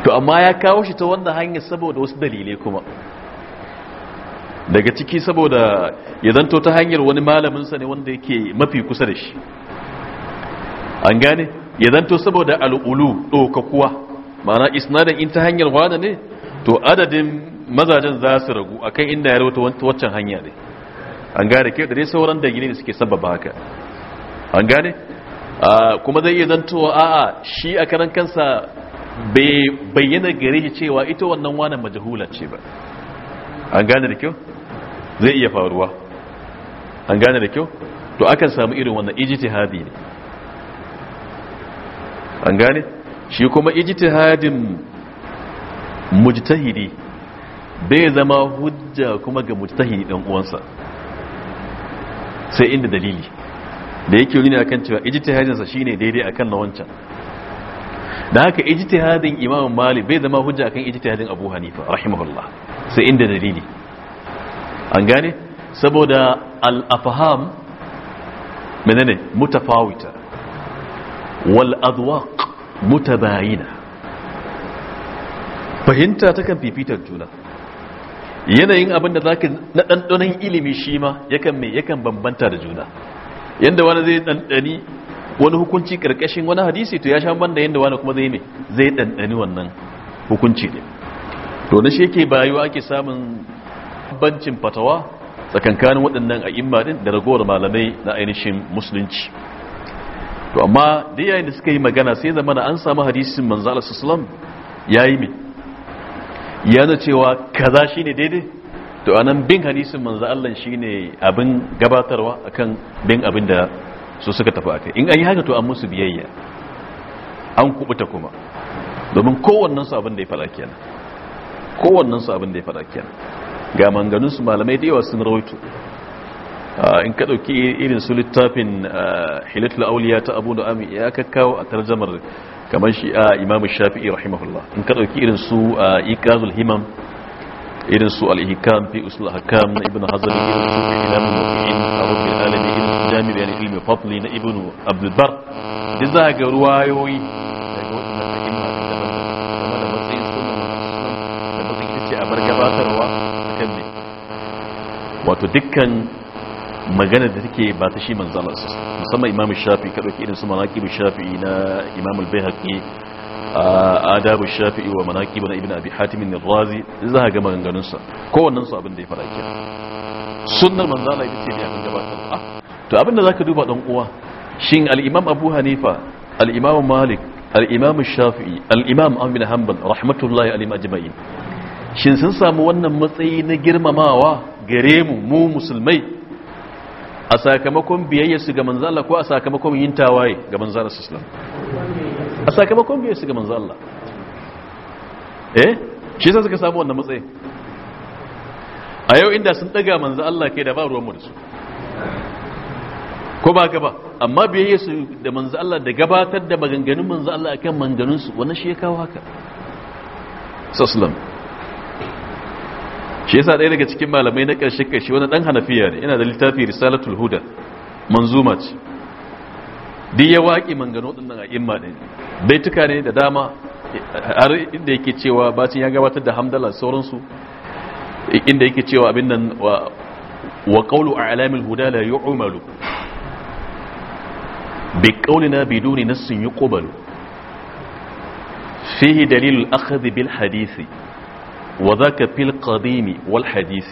to amma ya kawo shi ta wanda hanyar saboda wasu dalilai kuma daga ciki saboda ya zanto ta hanyar wani malaminsa ne wanda yake mafi kusa da shi an gane ya zanto saboda al'ulu ɗaukakuwa ma'ana isnadin in ta hanyar wada ne to adadin mazajen za su ragu akan inda ya rawaita waccan hanya ne an gane ke da dai sauran da gine da suke sababa haka an gane kuma zai iya a a'a shi a karan kansa bai bayyana gare shi cewa ita wannan wanan majahula ce ba an gane da kyau zai iya faruwa an gane da kyau to akan samu irin wannan ijtihadi ne an gane shi kuma ijtihadin mujtahidi bai zama hujja kuma ga mujtahidi dan uwansa sai inda dalili da yake ne akan cewa ijtihadin sa shine daidai akan na wancan da haka ijtihadin Imam Malik bai zama hujja akan ijtihadin Abu Hanifa rahimahullah sai inda dalili an gane saboda al-afham menene mutafawita wal adwaq mutabayina fahimta takan fifitar juna yanayin abin da zaka na dandanon ilimi shi ma yakan mai yakan bambanta da juna yanda wani zai dandani wani hukunci karkashin wani hadisi to ya sha banda yanda wani kuma zai me zai dandani wannan hukunci ne to na shi yake bayuwa ake samun bancin fatawa tsakankanin waɗannan a'imma din da ragowar malamai na ainihin musulunci to amma da yayin da suka yi magana sai zama an samu hadisin manzo Allah sallallahu ya yi me yana cewa kaza shine daidai to anan bin hadisin manzo Allah shine abin gabatarwa akan bin abin da su suka tafi akai in an yi haka to an musu biyayya an kubuta kuma domin kowannen su abin da ya fada kenan kowannen su abin da ya fada kenan ga manganun su malamai da yawa sun rawaito in ka ɗauki irin su littafin hilatul auliya ta abu da ami ya kakkawo a tarjamar kamar shi a imamu shafi'i rahimahullah in ka ɗauki irin su ikazul himam irin su al-ihkam fi usul hakam na ibnu hazmi irin su ilamul muqin abu bil alami irin su jami bayan ilmi fadli na ibnu abdul bar da za ga ruwayoyi daga wannan a'imma daban-daban da matsayin sunan da matsayin ce a bar gabatarwa akan wato dukkan magana da take ba ta shi manzan Allah musamman Imam shafi ka ɗauki irin su manaƙibu shafi na Imam bai haƙi adabu shafi wa manaƙibu na ibn abi hatimin razi za a ga maganganunsa su abin da ya faɗa ke sunnar manzan Allah ita ce ne abin gabatarwa to abin da za ka duba dan uwa shin al'imam abu hanifa al'imam malik shafi, shafi'i al'imam amin hanban rahmatullahi alim ajma'in shin sun samu wannan matsayi na girmamawa gare mu mu musulmai a sakamakon biyayya su ga manzo Allah ko a sakamakon yin tawaye ga manzo Allah sallallahu alaihi a sakamakon biyayya su ga manzo Allah eh shi yasa suka samu wannan matsayi a yau inda sun daga manzo Allah kai da ba ruwan mu da su ko ba ka ba amma biyayya su da manzo Allah da gabatar da maganganun manzo Allah akan maganganun su wannan shi ya kawo haka sallallahu shi yasa ɗaya daga cikin malamai na ƙarshe shi wani ɗan hanafiya ne yana da littafi risalatul huda manzuma ce duk ya waƙi mangano ɗin a imma ɗin baituka ne da dama har inda yake cewa bacin ya gabatar da hamdala sauransu inda yake cewa abin nan wa wa qawlu a'lamil huda la yu'malu bi na sun yi yuqbalu fihi dalilul akhdh bil hadisi وذاك في القديم والحديث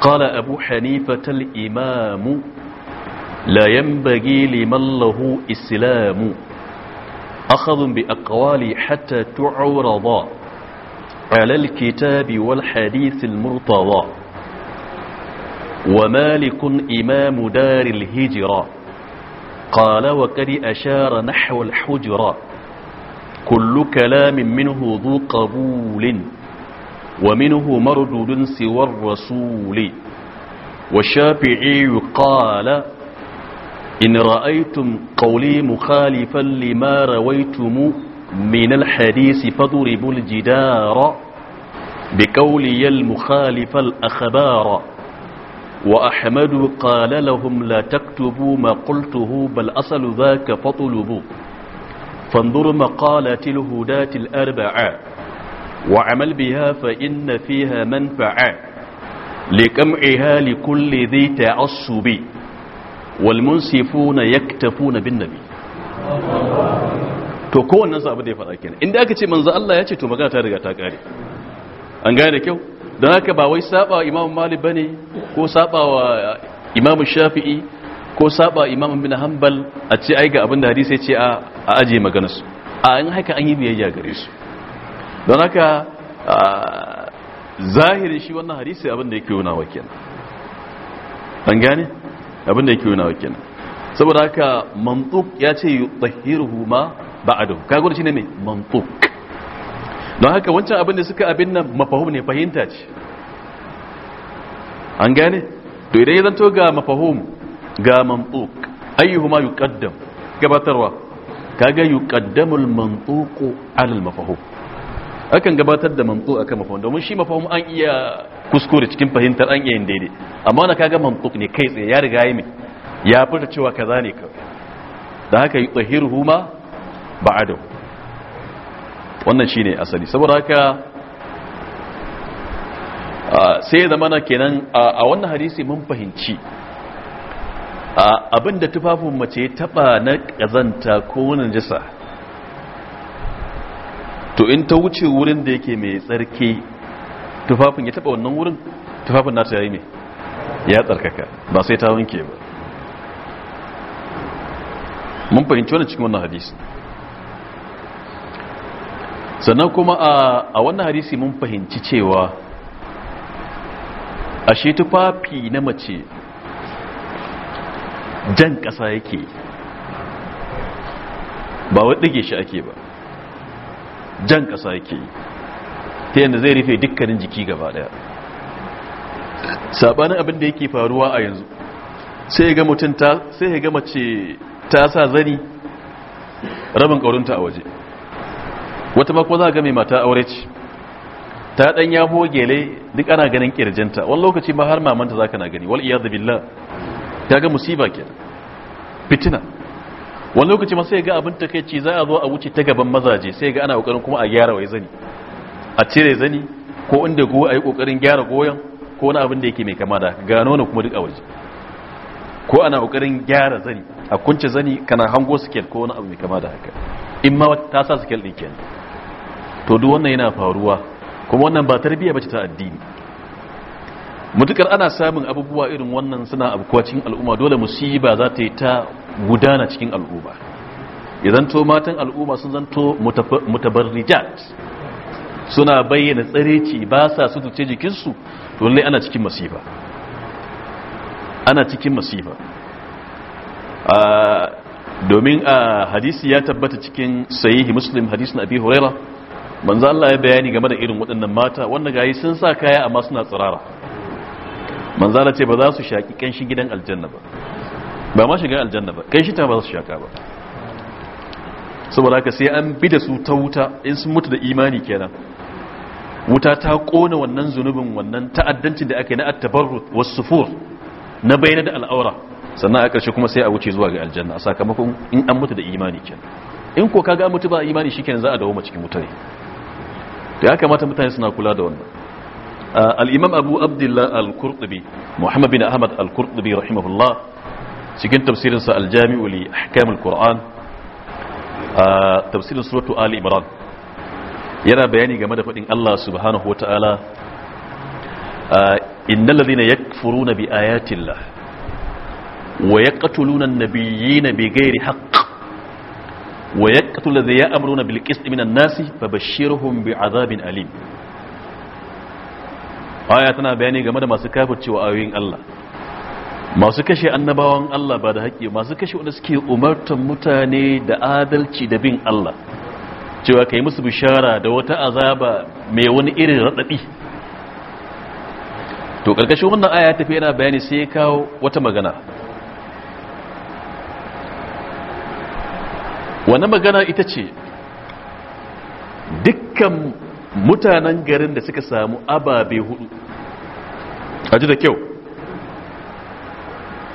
قال أبو حنيفة الإمام لا ينبغي لمن له إسلام أخذ بأقوال حتى تعرض على الكتاب والحديث المرتضى ومالك إمام دار الهجرة قال وقد أشار نحو الحجرة كل كلام منه ذو قبول ومنه مردود سوى الرسول والشافعي قال إن رأيتم قولي مخالفا لما رويتم من الحديث فضربوا الجدار بقولي المخالف الأخبار وأحمد قال لهم لا تكتبوا ما قلته بل أصل ذاك فطلبوا فانظر مقالات الهداة الأربعة وعمل بها فإن فيها منفعة لكمعها لكل ذي تعصب والمنصفون يكتفون بالنبي to kowannen sa abu da ya faɗa kenan inda aka ce manzo Allah ya ce to magana ta riga ta kare an gane kyau don haka ba wai saba Imam Malik bane ko saba wa Imam Shafi'i ko saba imam bin hanbal a ce ai ga abin da hadisi ya ce a aje magana su a an haka an yi biyayya gare su don haka zahirin shi wannan hadisi abin da yake yana wa kenan an gane abin da yake yana wa kenan saboda haka mantuk ya ce yutahhiruhu ma ba'dahu kaga ne me mantuk don haka wancan abin da suka abin nan mafahum ne fahimta ce an gane to idan ya zanto ga mafahum ga mantuq ayyuhuma yuqaddam gabatarwa kaga yuqaddamul mantuq alal mafhum akan gabatar da mantuq akan mafhum domin shi mafhum an iya kuskure cikin fahimtar an iya yin daidai amma wannan kaga mantuq ne kai tsaye ya riga yi ya fita cewa kaza ne ka da haka yutahiruhu ma ba'adahu wannan shine asali saboda haka sai da mana kenan a wannan hadisi mun fahimci abin da tufafin mace ya taba na ƙazanta ko wani jisa to in ta wuce wurin da yake mai tsarki tufafin ya taba wannan wurin tufafin na ya yi ne ya tsarkaka ba sai ta wanke ba mun fahimci wannan cikin wannan hadisi sannan kuma a wannan hadisi mun fahimci cewa ashe tufafi na mace jan ƙasa yake ba wai ɗage shi ake ba jan ƙasa yake ta yadda zai rufe dukkanin jiki gaba ɗaya sabanin abin da yake faruwa a yanzu sai ga mutum sai ga mace ta sa zani rabin ƙaurinta a waje wata ba za ga mai mata aure ce ta ɗan ya gele duk ana ganin ƙirjinta wani lokaci ma har mamanta za ka na gani wal zabi billah kaga musiba ke fitina wani lokaci ma sai ga abin takeici za a zo a wuce ta gaban mazaje sai ga ana kokarin kuma a gyara wai zani a cire zani ko inda go a yi kokarin gyara goyon ko wani abin da yake mai kama da ga nono kuma duk a waje ko ana kokarin gyara zani a kunce zani kana hango skill ko wani abu mai kama da haka in ma ta sa skill din kenan to duk wannan yana faruwa kuma wannan ba tarbiyya bace ta addini mutukar ana samun abubuwa irin wannan suna abukuwa cikin al'umma dole musiba za ta yi ta gudana cikin al'umma idan to matan al'umma sun zanto mutabarrijat suna bayyana tsareci ba sa tuce jikinsu to lai ana cikin masifa ana cikin masifa domin a hadisi ya tabbata cikin sayihi muslim na abi huraira manzo Allah ya bayani game da irin waɗannan mata wanda gayi sun sa kaya amma suna tsirara manzala ce ba za su shaki shi gidan aljanna ba ba ma shiga aljanna ba shi ta ba za su shaka ba saboda haka sai an bi da su ta wuta in sun mutu da imani kenan wuta ta kona wannan zunubin wannan ta'addancin da aka yi na at-tabarrut was-sufur na bayyana da al'aura sannan a ƙarshe kuma sai a wuce zuwa ga aljanna a sakamakon in an mutu da imani kenan in ko kaga an mutu ba imani shikenan za a dawo cikin mutane to ya kamata mutane suna kula da wannan آه، الإمام أبو عبد الله القرطبي محمد بن أحمد القرطبي رحمه الله سيكون تفسير الجامع لأحكام القرآن آه، تفسير سورة آل إبران يرى بياني كما دفعين الله سبحانه وتعالى آه، إن الذين يكفرون بآيات الله ويقتلون النبيين بغير حق ويقتل الذين يأمرون بالقسط من الناس فبشرهم بعذاب أليم aya tana bayani game da masu kafircewa ayoyin Allah masu kashe annabawan Allah ba da haƙi masu kashe wanda suke umartan mutane da adalci da bin Allah cewa kai musu bishara da wata azaba mai wani irin raɗaɗi to ƙarƙashin wannan aya tafi yana bayani sai ya kawo wata magana wannan magana ita ce dukkan mutanen garin da suka samu ababe hudu a ji da kyau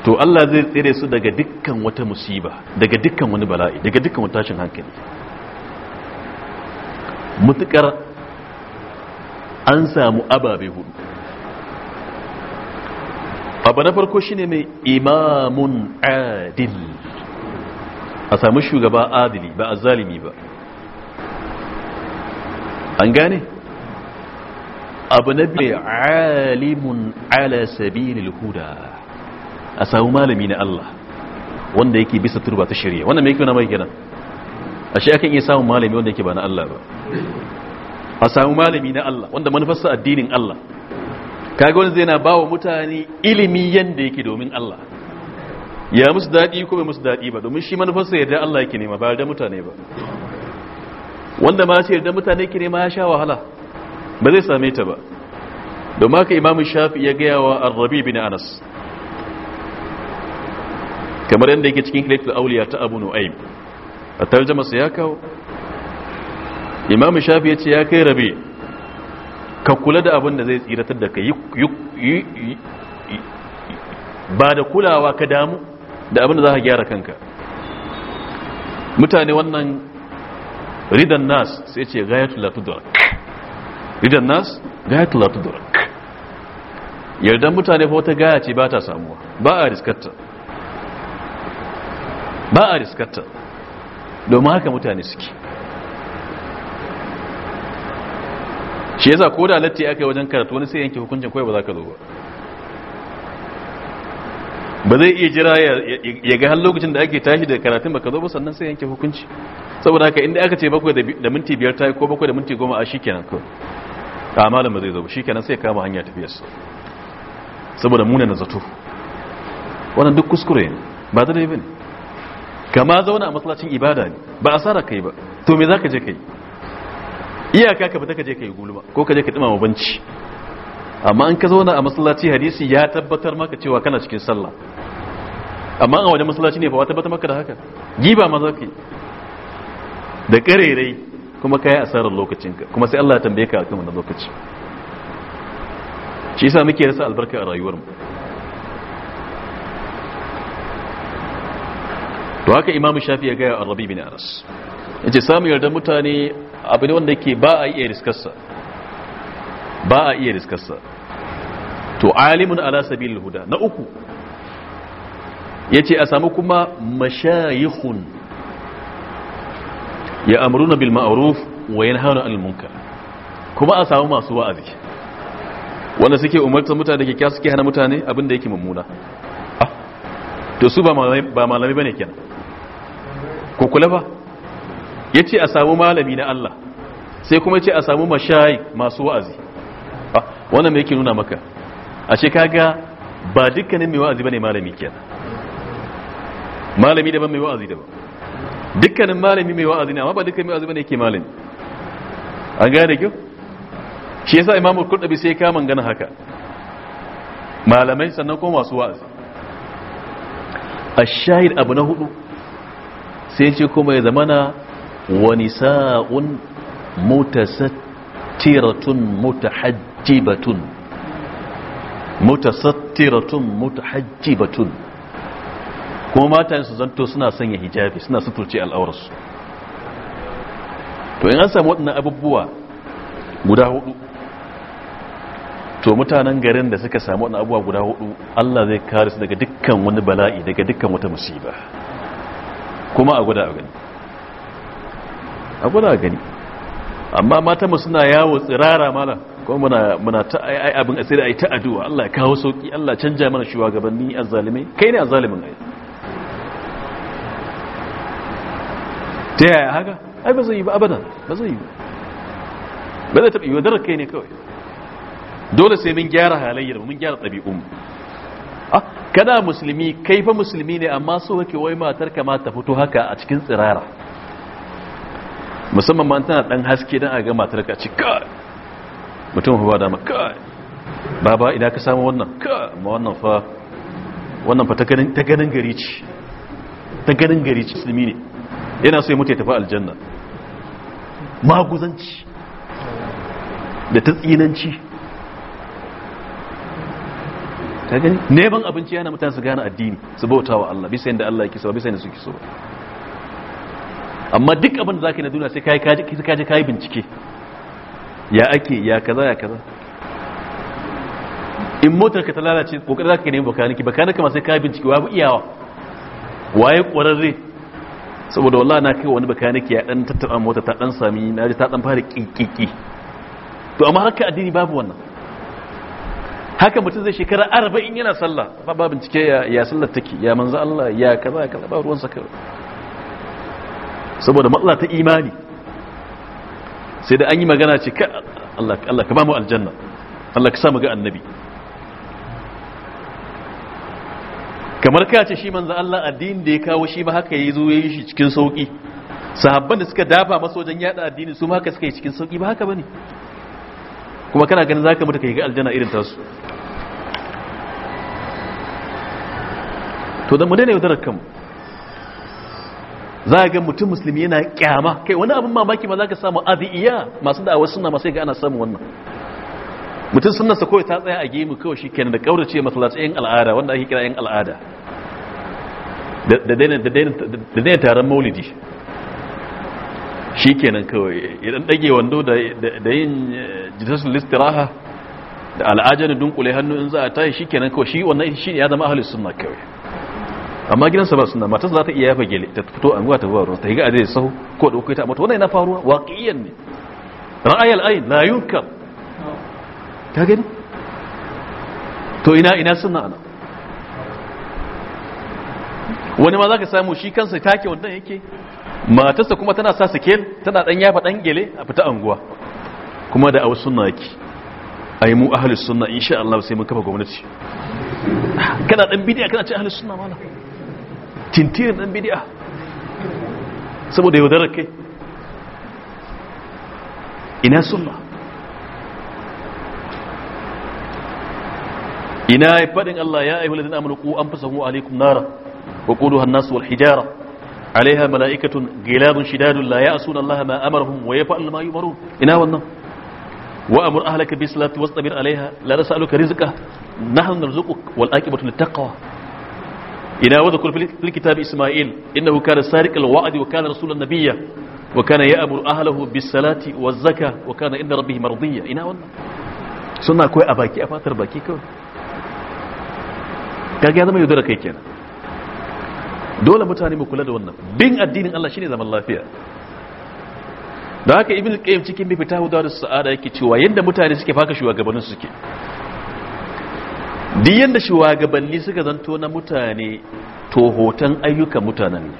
to Allah zai tsere su daga dukkan wata musiba daga dukkan wani bala'i daga dukkan wani tashin hankali mutukar an samu ababe hudu abu na farko shine mai imamun adil a samu shugaba adili ba a zalimi ba an gane abu na biyu alimun ala sabinil huda a samu malami na Allah wanda yake bisa turba ta shirya wannan mai kuna mai kenan a shi aka iya samun malami wanda yake ba na Allah ba a samu malami na Allah wanda manufarsa addinin Allah kaga wani zai na ba wa mutane ilimi yadda yake domin Allah ya musu daɗi ko bai musu daɗi ba domin shi manufarsa yadda Allah yake nema ba da mutane ba wanda ma sai da mutane ke ma ya sha wahala ba zai same ta ba domin haka imamu shafi ya gaya wa arrabi bin anas kamar yadda yake cikin hilatul auliya ta abu nu'aim a tarjama sa ya kawo imamu shafi ya ce ya kai rabi ka kula da abin da zai tsiratar da ka yi ba da kulawa ka damu da abin da za ka gyara kanka mutane wannan ridan nas sai ce gayatul latudrak ridan nas gayatul latudrak yardan mutane fa wata gaya ce ba ta samuwa ba a riskarta ba a riskarta domin haka mutane suke shi yasa ko da latti aka yi wajen karatu wani sai yanke hukuncin kawai ba za ka zo ba ba zai iya jira ya ga har lokacin da ake tashi da karatun baka zo ba sannan sai yanke hukunci saboda haka inda aka ce bakwai da minti biyar tayi ko bakwai da minti goma a shikenan ko a malam zai zo shikenan sai kama hanya su saboda muna na zato wannan duk kuskure ne ba da bane kama zauna a masalacin ibada ne ba asara kai ba to me za ka je kai iyaka ka fita ka je kai gulma ko ka je ka dima banci amma an ka zauna a masallaci hadisi ya tabbatar maka cewa kana cikin sallah amma a wajen masallaci ne fa wa tabbatar maka da haka giba maza ka da karerai kuma ka yi asarar lokacinka kuma sai Allah ya tambaye ka akan wannan lokaci shi yasa muke rasa albarka a rayuwarmu to haka imamu shafi ya gaya a rabi bin aras yace samu yarda mutane abu ne wanda yake ba a yi iya riskarsa ba a iya riskarsa to alimun ala sabilil huda na uku yace a samu kuma mashayihun ya amruna bil ma'ruf wa yanhauna anil munkar kuma a samu masu wa'azi wanda suke umartar mutane da kyakkyawa suke hana mutane abinda da yake mummuna ah, to su ba malami bane kenan ko kula ba yace a samu malami na Allah sai kuma yace a samu mashayi masu wa'azi wannan mai yake nuna maka ashe kaga ba dukkanin mai wa'azi bane malami kenan malami daban mai wa'azi daban dukkanin malami mai wa'azi ne amma ba dukkanin mai wa'azi bane yake malami an gane kyau shi yasa imamu kurdabi sai ka mangana haka malamai sannan kuma masu wa'azi ashahid abu na hudu sai ce kuma ya zamana wani sa'un mutasattiratun mutahajj mutahajjibatun mutasattiratun mutahajjibatun kuma yin su zanto suna sanya hijabi suna suturce al'aurarsu to in an samu waɗannan abubuwa guda hudu to mutanen garin da suka samu waɗannan abubuwa guda hudu Allah zai kare su daga dukkan wani bala'i daga dukkan wata musiba kuma a guda a gani a guda a gani amma mata mu suna yawo tsirara malam. kuma muna muna ta ai abin asiri ai ta addu'a Allah ya kawo sauki Allah canja mana shugabanni azzalimai kai ne azzalimin ai ta yaya haka ai ba zai yi ba abadan ba zai yi ba ba zai taɓa yi kai ne kawai dole sai mun gyara halayyar mun gyara ɗabi'un ah, kana musulmi kai fa musulmi ne amma so kake wai matar kama ta fito haka a cikin tsirara musamman ma tana dan haske dan a ga matar ka cika mutum ba dama ba baba idan ka samu wannan ka ma wannan fa wannan fa ta ganin gari ce ta ganin gari ce musulmi ne yana so ya mutu ya tafi aljanna maguzanci da ta tsinanci ta gani neman abinci yana mutane su gane addini su bauta wa Allah bisa yadda Allah kisa ba bisa yadda suke so amma duk abin da zaka yi na duniya sai kai kaji kaji kai bincike ya ake ya kaza ya kaza in motar ka ta lalace kokari zaka ka nemi bakaniki ma sai ka bincike wa iyawa waye kwararre saboda wallahi na kai wani bakaniki ya dan tattaba mota ta dan sami na ji ta dan fara kikiki to amma ka addini babu wannan haka mutum zai shekara arba'in yana sallah ba ba bincike ya ya sallar take ya manzo Allah ya kaza kaza ba ruwan sa saboda matsala ta imani sai da an yi magana ce ka Allah ka ba mu aljanna Allah ka sa mu ga annabi kamar ka ce shi manzo Allah addinin da ya kawo shi ma haka ya zo ya yi shi cikin sauki sahabban da suka dafa masojan yada addini su ma haka suka yi cikin sauki ba haka bane kuma kana ganin zaka mutu kai ga aljanna irin tasu to dan mu daina yaudarar kanmu za ga mutum musulmi yana kyama kai wani abin mamaki ma za ka samu adi'iya masu da'awar suna masu ga ana samun wannan mutum suna sa kawai ta tsaya a gemu kawai shi kenan da kaurace masallaci yin al'ada wanda ake kira yin al'ada da daina taron maulidi shi kenan kawai idan dage wando da yin eh, jitasun listiraha da al'ajar da dunkule hannu in za a tashi shi kenan kawai shi wannan shi ne ya zama ahalus suna kawai amma gidansa ba suna matarsa za ta iya yafa gele ta fito anguwa ta zuwa ruwansa ta higa aje sahu ko da uku ta mata wannan yana faruwa waqiyan ne ra'ayal ayn la yunka ka gani to ina ina sunna ana wani ma za ka samu shi kansa take wannan yake matarsa kuma tana sa sikel tana dan yafa dan gele a fita anguwa kuma da awu sunna yake ai mu ahlus sunna insha Allah sai mun kafa gwamnati kana dan bidiya kana ce ahlus sunna mana tintirin dan bidi'a saboda yaudarar kai ina sunna ina faɗin Allah ya ayyuhal ladina amanu an fi sahu alaykum nara wa kudu an-nas wal hijara alaiha mala'ikatun gilabun shidadun la ya'suna Allah ma amarahum wa faɗin ma yumarun ina wannan wa amur ahlaka bis salati wastabir alaiha la nas'aluka rizqa nahnu narzuquk wal aqibatu lit taqwa ina wa zakur fil kitab isma'il innahu kana sariqal wa'di wa kana rasulan nabiyya wa kana ya'muru ahlihi bis salati waz wa kana inda rabbih mardiya ina wannan suna koyi a baki a fatar baki kawai kaga ya zama yaudara kai kenan dole mutane mu kula da wannan bin addinin Allah ne zaman lafiya da haka ibn qayyim cikin bi fitahu da sa'ada yake cewa yanda mutane suke faka shugabannin suke duk yadda shugabanni suka zanto na mutane to hoton ayyukan mutanen ne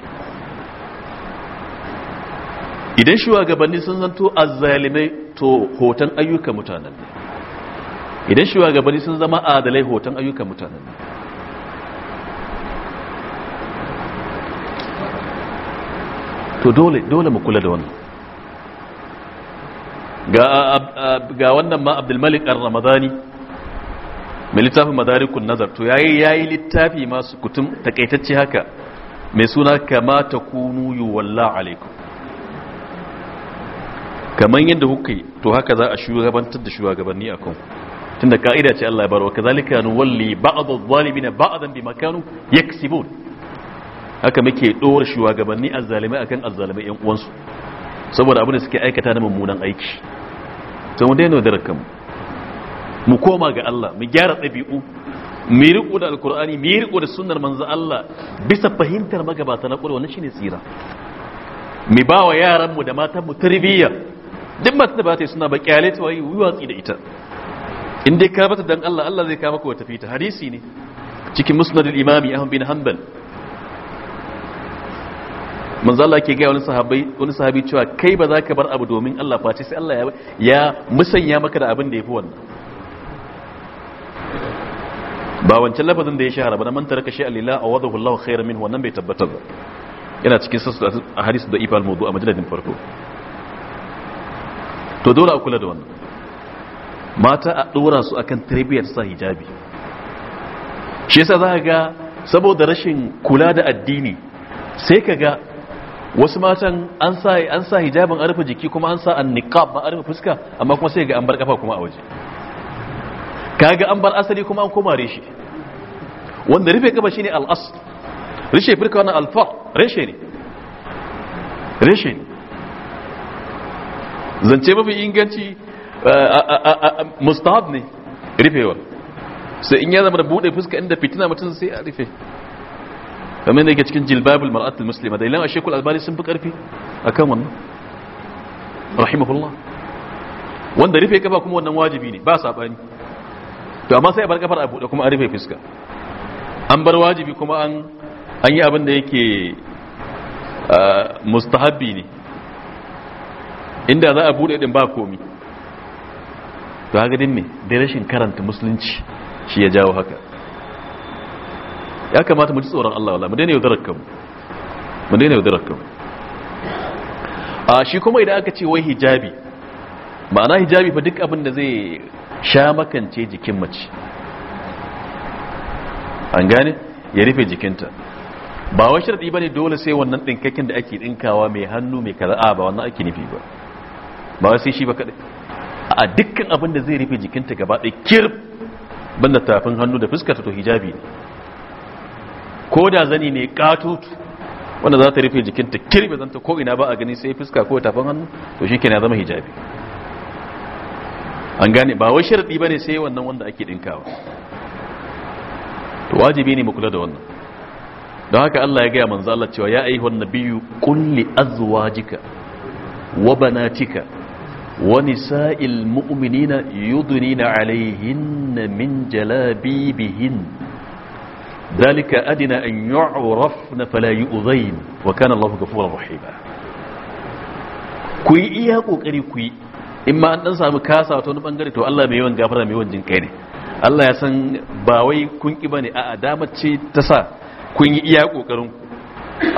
idan shugabanni sun zanto azzalimai to hoton ayyukan mutanen ne idan shugabanni sun zama adalai hoton ayyukan mutanen ne to dole dole mu kula da wannan ga wannan ma abdulmalik ar-ramadani mai littafin madarikun nazar to ya yi littafi masu kutum takaitacce haka mai suna kama ta kunu yuwalla alaikum kamar yadda kuka to haka za a shugabantar da shugabanni a kan tunda ka'ida ce Allah ya baro barwa kazalika nuwalli ba'd adh-dhalimin ba'dan bima kanu yaksibun haka muke dora shugabanni a azzalimai akan azzalimai yan uwansu saboda abin da suke aikata na mummunan aiki to mu daina da mu koma ga Allah mu gyara ɗabi'u mu yi da alkur'ani mu yi riko da sunnar manzo Allah bisa fahimtar magabata na ƙwarewa shine tsira mu ba wa yaran mu da matan mu tarbiyya duk matan da ba ta suna ba kyale ta wayi watsi da ita in dai ka bata dan Allah Allah zai kama ka wata fita hadisi ne cikin musnadul imami Ahmad bin Hanbal manzo Allah ke ga wani sahabbai wani sahabi cewa kai ba za ka bar abu domin Allah face sai Allah ya musanya maka da abin da yafi wannan ba wancan lafazin da ya shahara ba na mantar ka shi alila a wadda Allahu khairar min wannan bai tabbatar ba yana cikin sassu a hadisu da ifal mudu a majaladin farko to dole a kula da wannan mata a dora su akan tarbiyyar sa hijabi shi yasa za ga saboda rashin kula da addini sai ka ga wasu matan an sa an hijabin an jiki kuma an sa an niqab ba an fuska amma kuma sai ga an bar kafa kuma a waje kaga an bar asali kuma an koma reshe wanda rufe gaba shine al'as reshe firka wannan alfar reshe ne reshe ne zance mafi inganci mustahab ne rufewa sai in ya zama da bude fuska inda fitina mutum sai a rufe kamar ne yake cikin jilbabul mar'atul muslima da ilan ashekul albani sun fi karfi akan wannan rahimahullah wanda rufe kafa kuma wannan wajibi ne ba sabani to amma sai a bar kafar a buɗe kuma an rufe fuska an bar wajibi kuma an an yi abin da yake mustahabbi ne inda za a buɗe din ba komi to haka din ne da rashin karanta musulunci shi ya jawo haka ya kamata mu ji tsoron Allah wala mu daina yaudarar kanmu mu daina yaudarar kanmu a shi kuma idan aka ce wai hijabi ma'ana hijabi fa duk abin da zai sha makance jikin mace an gane ya rufe jikinta ba wai sharadi ne dole sai wannan ɗinkakin da ake ɗinkawa mai hannu mai kaza ba wannan ake nufi ba ba wasu shi ba kaɗai. a dukkan abin da zai rufe jikinta gaba ɗaya kir banda tafin hannu da fuskar ta to hijabi ne ko da zani ne katutu wanda za ta rufe jikinta kirbe zanta ko ina ba a gani sai fuska ko tafin hannu to shi kenan zama hijabi an gane ba wai sharadi ne sai wannan wanda ake dinkawa to wajibi ne mu kula da wannan don haka Allah ya gaya manzo Allah cewa ya ayyuhan nabiyyu qul li azwajika wa banatika wa nisa'il mu'minina yudnina 'alayhinna min jalabibihin ذلك أدنى أن يعرفن فلا يؤذين وكان الله غفورا ba kuyi iya قوكري kuyi. in ma an dan samu kasa wata wani bangare to Allah mai yawan gafara mai yawan jin kai ne Allah ya san ba wai kun ki bane a'a dama ce ta sa kun yi iya kokarin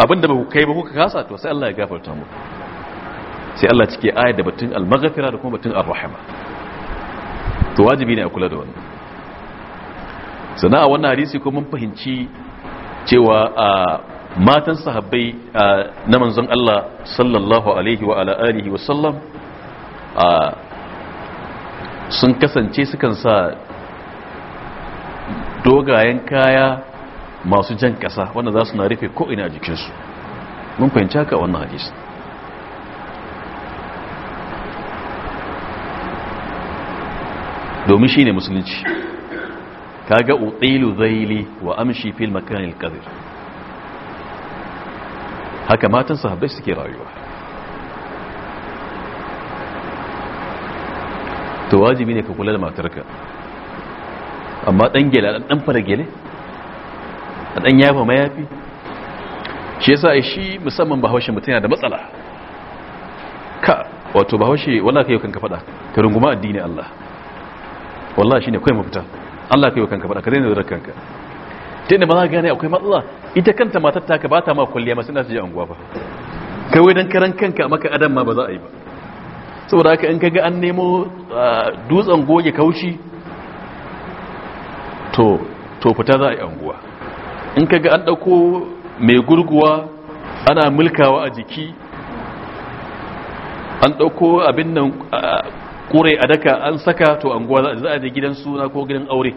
abinda ba ku kai ba kuka kasa to sai Allah ya gafarta mu sai Allah cike ayat da batun al-maghfira da kuma batun ar rahma to wajibi ne a kula da wannan sana'a wannan hadisi ko mun fahimci cewa a matan sahabbai na manzon Allah sallallahu alaihi wa ala alihi wa sallam a sun kasance sukan sa dogayen kaya masu jan kasa wanda za su na rufe ko'ina a jikinsu mun fahimci haka wannan hadisi domin shi ne musulunci kaga utilu zaili wa amshi fil makanil qadir haka matan sahabbai suke rayuwa to wajibi ne ka kula da matarka amma dan gele dan fara gele dan yafa yafi shi yasa shi musamman bahaushe mutum yana da matsala ka wato bahaushe wallahi kai kanka fada ka runguma addini Allah wallahi shine kai mafita Allah kai kanka fada ka daina da kanka da ba za ka gane akwai matsala ita kanta matar ta ka ba ta ma kulliya ma suna su je anguwa ba kai wai dan karan kanka maka adam ma ba za a yi ba saboda haka in kaga an nemo dutsen goge kaushi to to fita za a yi anguwa in kaga an dauko mai gurguwa ana mulkawa a jiki an dauko abin nan kure a daka an saka to anguwa za a je gidan suna ko gidan aure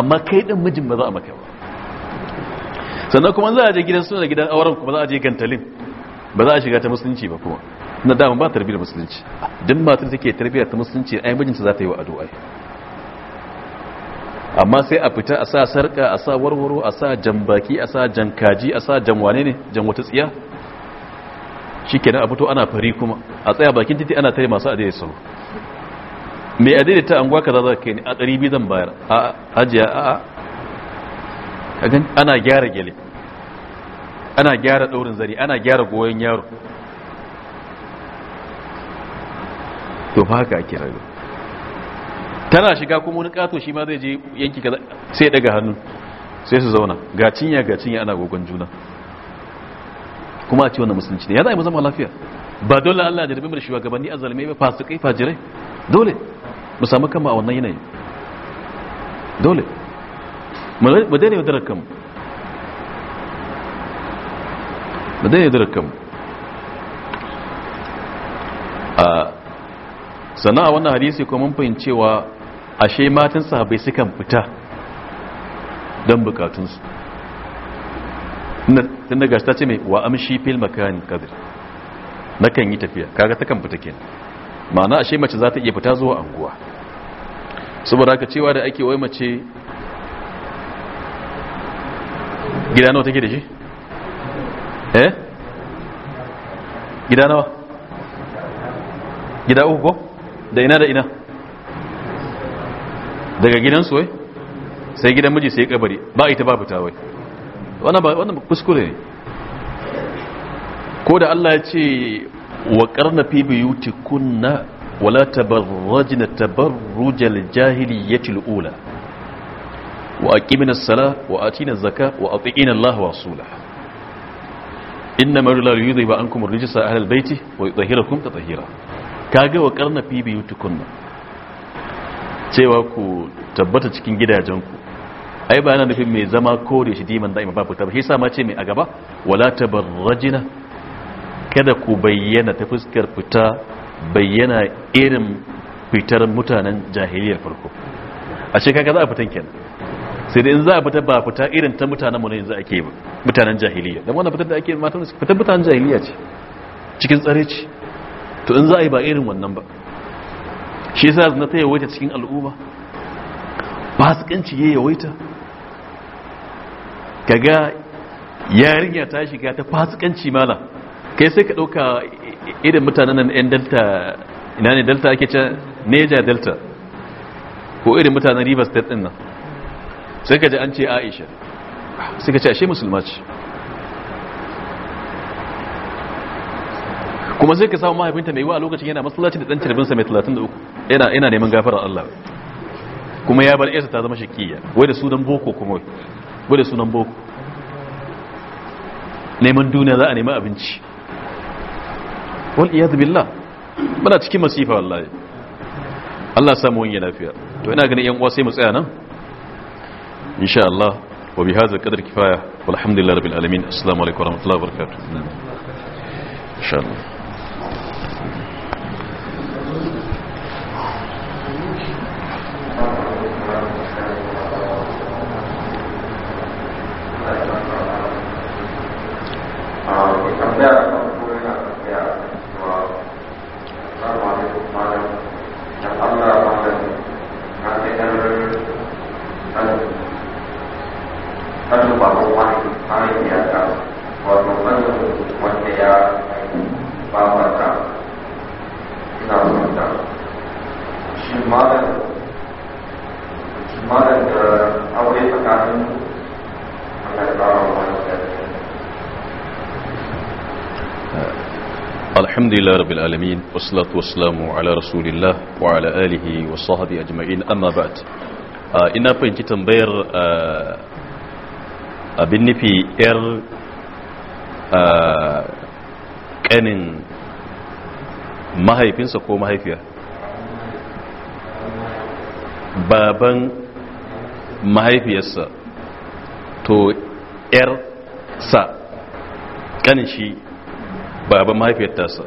amma kai din mijin ba za a maka ba sannan kuma za a je gidan suna gidan auren kuma za a je gantalin ba za a shiga ta musulunci ba kuma na dama ba tarbiyyar musulunci duk matar take tarbiyyar ta musulunci ai mijinta za ta yi wa addu'a amma sai a fita a sa sarka a sa warwaro a sa jambaki a sa jankaji a sa jamwane ne jan wata tsiya shikenan a fito ana fari kuma a tsaya bakin titi ana tare masu adai sau mai adai ta anguwa kaza za ka yi a ɗari biyu zan bayar a hajiya a ana gyara gele ana gyara ɗaurin zari ana gyara goyon yaro to fa haka ake rayu tana shiga kuma wani kato shi ma zai je yanki kaza sai ya daga hannu sai su zauna ga cinya ga cinya ana gogon juna kuma a ce wannan musulunci ne ya za a yi zama lafiya ba dole Allah da rubin shi gabanni azalmai ba fasikai fajirai dole mu samu kama a wannan yanayi dole mu daina yaudarar kanmu mu daina sannan a wannan hadisi kuma mun fahimcewa ashe matan sahabbai sukan fita don bukatunsu tun daga ta ce mai wa amshi fil makarin kadir na kan yi tafiya kaga ta kan fita kenan ma'ana ashe mace za ta iya fita zuwa anguwa saboda haka cewa da ake wai mace gida nawa take da shi eh gida nawa gida uku ko da ina da ina daga gidansu wai sai gidan miji sai kabari ba ita ba fita wai wannan kuskure ne ko da Allah ya ce wa karna fi biyuti kunna wala tabarrajna tabarrujal jahiliyyati ula. wa aqimina sala wa atina az-zaka wa atiina Allah wa rasulahu inna ma yuridu yudhiba ankum ar-rijsa ahlal bayti wa yutahhirakum tatheera ga wa karna fi biyu tukunna cewa ku tabbata cikin gidajenku ai ba yana nufin mai zama kore shi diman da'ima ba fita ba shi sama ce mai a gaba wala tabarrajina kada ku bayyana ta fuskar fita bayyana irin fitar mutanen jahiliyar farko a ce kaga za a fitan kenan sai da in za a fita ba fita irin ta mutanen mu ne yanzu ake mutanen jahiliya dan wannan fitar da ake matan fitar mutanen jahiliya ce cikin tsare ce to in za a yi ba irin wannan ba shi sa zina ta yawaita cikin al'umma ba su kanci ya yawaita Ka ga yarinya ta shiga ta fasikanci mala kai sai ka ɗauka irin mutanen nan 'yan delta ina ne delta ake can neja delta ko irin mutanen rivers state ɗin nan sai ka ji an ce aisha sai ka ce ashe musulma ce kuma sai ka samu mahaifinta mai wa a lokacin yana masallaci da ɗancin cirbinsa mai 33 yana yana neman gafarar Allah kuma ya bar yarsa ta zama shakiya wai da sunan boko kuma wai da sunan boko neman duniya za a nema abinci wal iyad billah bana cikin masifa wallahi Allah ya samu wani lafiya to ina ganin yan uwa sai mu tsaya nan insha Allah wa bi hadha qadar kifaya walhamdulillahi rabbil alamin assalamu alaikum warahmatullahi wabarakatuh insha Allah العالمين والصلاة والسلام على رسول الله وعلى آله وصحبه أجمعين أما بعد إنا abin nufi 'yar kanin mahaifinsa ko mahaifiya baban mahaifiyarsa to 'yar sa kanin shi baban mahaifiyar tasa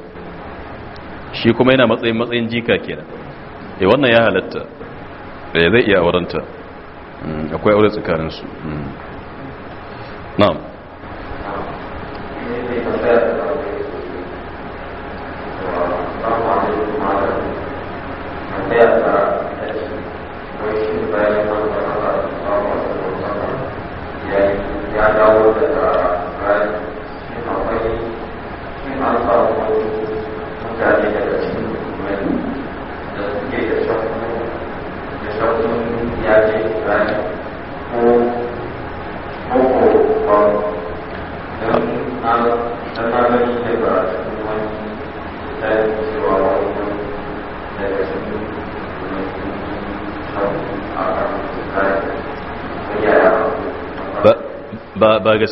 shi kuma yana matsayin matsayin jika kenan e wannan ya halatta eh zai iya aurenta hmm, akwai aure tsakaninsu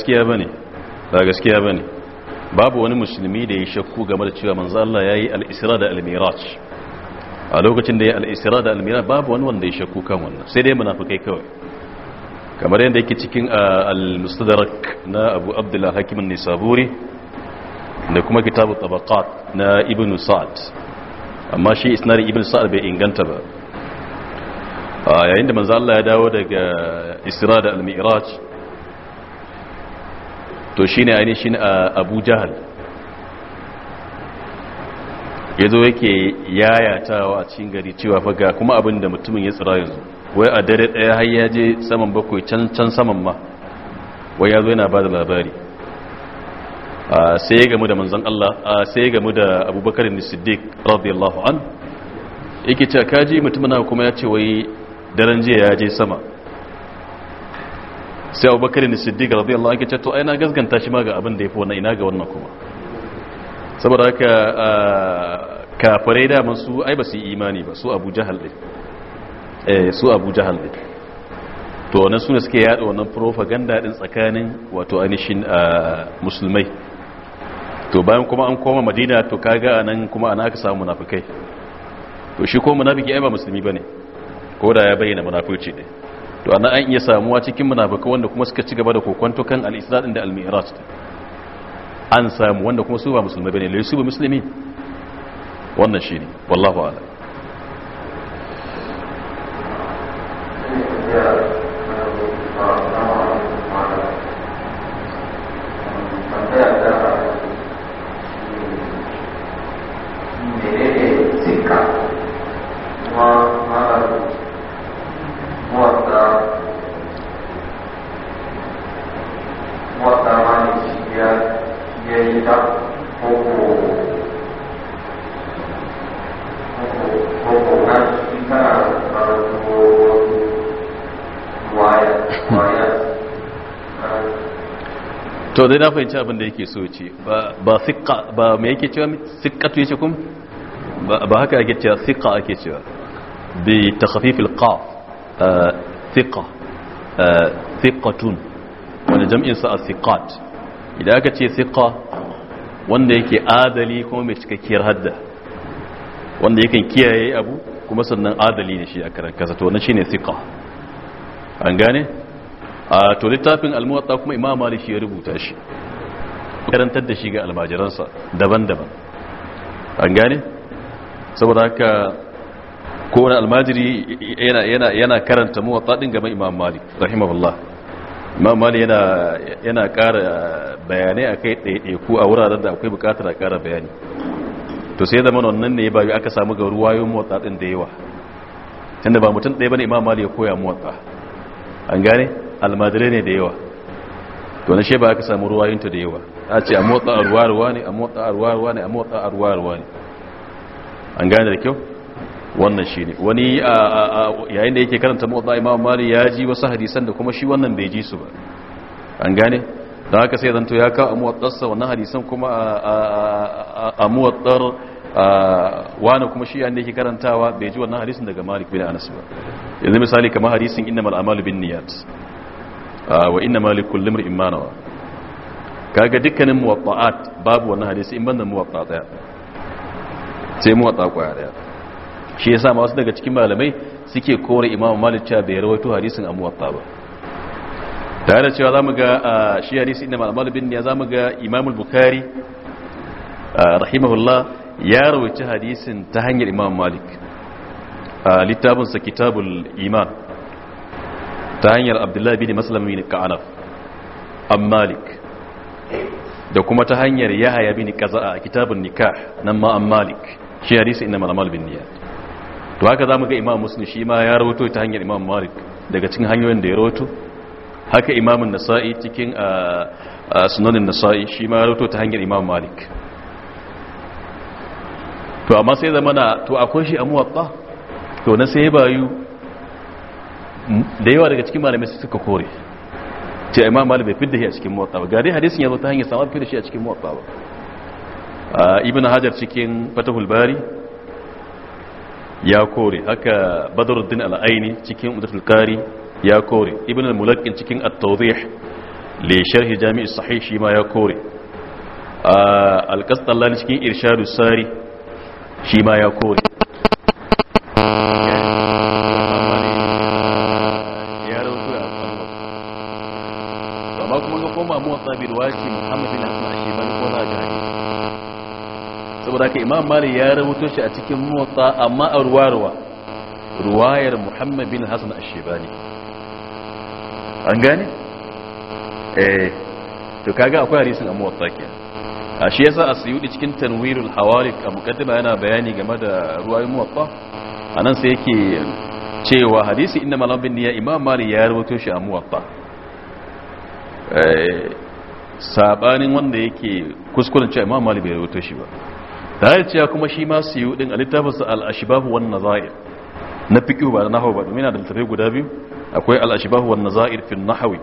gaskiya bane ba gaskiya bane babu wani musulmi da ya shakku game da cewa manzo Allah yayi al-isra da al a lokacin da ya al-isra da al babu wani wanda ya shakku kan wannan sai dai munafikai kawai kamar yadda yake cikin al-mustadrak na Abu Abdullah Hakim an-Nisaburi da kuma kitabu tabaqat na Ibn Sa'd amma shi isnar Ibn Sa'd bai inganta ba yayin da manzo Allah ya dawo daga isra da al-miraj to shi ne ainihin abu jahal ya zo yake yayatawa a cikin gari cewa faga kuma abin da mutumin ya tsira yanzu wai a dare daya har ya je saman bakwai can can saman ma wai ya zo yana ba da labari sai ya gamu da manzan Allah sai ya gamu da abubakar da siddiq radiyallahu an yake cewa kaji mutumin kuma ya ce wai daren jiya ya je sama sai abubakar ne siddiq radiyallahu anhu to ai na gasganta shi ma ga abin da ya fi wannan ina ga wannan kuma saboda haka kafirai da masu ai ba su yi imani ba su Abu Jahal din eh su Abu Jahal din to su ne suke yaɗa wannan propaganda ɗin tsakanin wato anishin musulmai to bayan kuma an koma Madina to kaga anan kuma ana aka samu munafukai? to shi ko munafiki ai ba musulmi ne ko da ya bayyana munafurci ne to ana an iya samuwa cikin munafika wanda kuma suka ci gaba da kokwanto kan al-isra da al-mi'raj an samu wanda kuma su ba musulmi bane lai su ba musulmi wannan shine wallahu a'lam dai na fahimci abin da yake so ce ba siƙa ba me yake cewa siƙatu yake kuma ba haka ake cewa siƙa ake cewa bi takhfifil qaf eh, siƙa eh, siƙatun wani jam'in sa siƙat idan aka ce siƙa wanda yake adali kuma mai cikakkiyar hadda wanda yake kiyaye abu kuma sannan adali ne shi a karan kasa to wannan shine siƙa an gane a to littafin almuwatta kuma imam maliki ya rubuta shi karantar da shi ga almajiransa daban-daban an gane saboda haka kowane almajiri yana karanta muwatta din gaban imam malik rahimahullah imam malik yana ƙara bayanai a kai ɗaiɗaiku a wuraren da akwai buƙatar a ƙara bayani to sai zama wannan ne ba aka samu ga ruwayoyin muwatta din da yawa tunda ba mutum ɗaya bane imam malik ya koya muwatta an gane Almadire ne da yawa to na sheba aka samu ruwayinta da yawa a ce a motsa arwarwa ne a motsa arwarwa ne a motsa arwarwa ne an gane da kyau wannan shi ne wani yayin da yake karanta motsa imam mali ya ji wasu hadisan da kuma shi wannan bai ji su ba an gane da haka sai zanto ya kawo a muwatsarsa wannan hadisan kuma a muwatsar wani kuma shi yayin da yake karantawa bai ji wannan hadisan daga malik bin anas ba yanzu misali kamar hadisin innamal amalu bin niyat wa inna malikul limri imanawa kaga dukkanin muwatta'at babu wannan hadisi in banda muwatta daya sai muwatta'a kwaya daya shi yasa ma wasu daga cikin malamai suke kore imamu malik cewa bai rawaito hadisin a muwatta ba tare da cewa zamu ga shi hadisi inna malikul bin ya zamu ga imamu bukhari rahimahullah ya rawaita hadisin ta hanyar imamu malik a littafinsa kitabul iman ta hanyar abdullahi bin maslam bin ka'anaf an malik da kuma ta hanyar yahaya bin kaza'a a kitabun nikah nan ma an malik shi risa inna malamal bin niyya to haka za mu ga imam musulun shi ma ya rawato ta hanyar imam malik daga cikin hanyoyin da ya rawato haka imamun nasa'i cikin a sunanin nasa'i shi ma ya rawato ta hanyar imam malik to amma sai zamana to akwai shi a muwatta to na sai bayu da yawa daga cikin malamai suka kore ce imam malik bai fidda shi a cikin muwatta ba ga dai hadisin yazo ta hanyar samar fidda shi a cikin muwatta ba ibnu hajar cikin fatahul bari ya kore haka badruddin al-aini cikin umdatul qari ya kore ibnu al-mulaqin cikin at-tawdih li sharh jami' as sahih shi ma ya kore al-qasdallani cikin irshadus sari shi ma ya kore haka imam malik ya rubuto shi a cikin muwatta amma a ruwa-ruwa ruwayar muhammad bin hassan ashebani an gane? eh to kaga akwai harisun a muwatta ke a shi yasa a suyudi cikin tanwirul hawalik a mukaddima yana bayani game da ruwayar muwatta a nan sai yake cewa hadisi inda bin niya imam malik ya rubuto shi a motsa eh, sabanin wanda yake kuskuren cewa imam malik bai rubuto shi ba tare cewa kuma shi ma su yi din a littafinsa al'ashibahu wan za’ir na fiƙi ba na hau ba domin yana da littafi guda biyu akwai al'ashibahu wan za’ir fi nahwi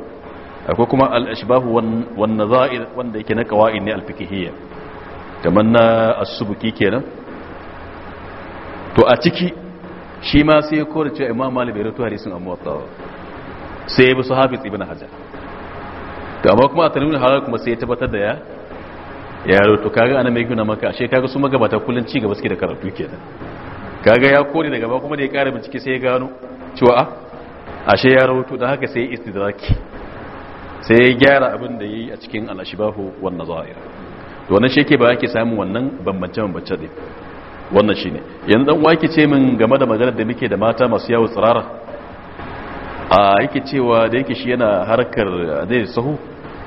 akwai kuma al'ashibahu wan za’ir wanda yake na ƙawai ne alfikihiyya kamar na asubuki kenan to a ciki shi ma sai ya kore cewa imam malik bai rato harisun amma wata sai ya bi su hafi tsibin hajjar to amma kuma a tanwin halal kuma sai ya tabbatar da ya yaro to kaga ana mai gina maka ashe kaga su magabata kullun ci gaba suke da karatu kenan kaga ya kore daga ba kuma da ya ƙara bincike sai ya gano cewa a ah, ashe ya rawato don haka sai ya istidraki sai ya gyara abin da ya yi a cikin alashibahu wannan zahir to wannan shi yake ba yake samu wannan bambance bambance din wannan shine yanzu dan wake ce min game da maganar da muke da mata masu yawo tsirara a yake cewa da yake shi yana harkar zai sahu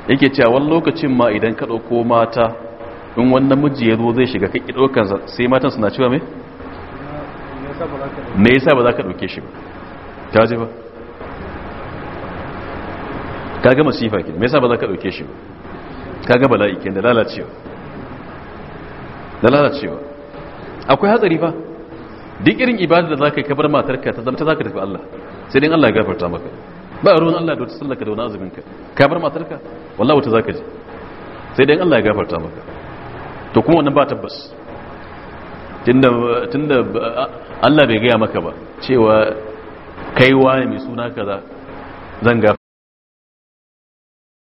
yake cewa wani lokacin ma idan ka ɗauko mata in wannan miji ya zo zai shiga kake ɗaukansa sai matan suna cewa mai me yasa ba za ka ɗauke shi ba ta ji ba ka ga masifa ke me yasa ba za ka ɗauke shi ba ka ga bala'i ke da lalacewa da lalacewa akwai hatsari ba duk irin ibada da za ka yi kabar matarka ta zama ta za ka tafi Allah sai dai Allah ya gafarta maka ba ruwan Allah da wata sallaka da wani azumin ka kabar matarka wallahi wata za ka ji sai dai Allah ya gafarta maka to kuma wannan ba tabbas tunda Allah bai gaya maka ba cewa kaiwa mai suna kaza zan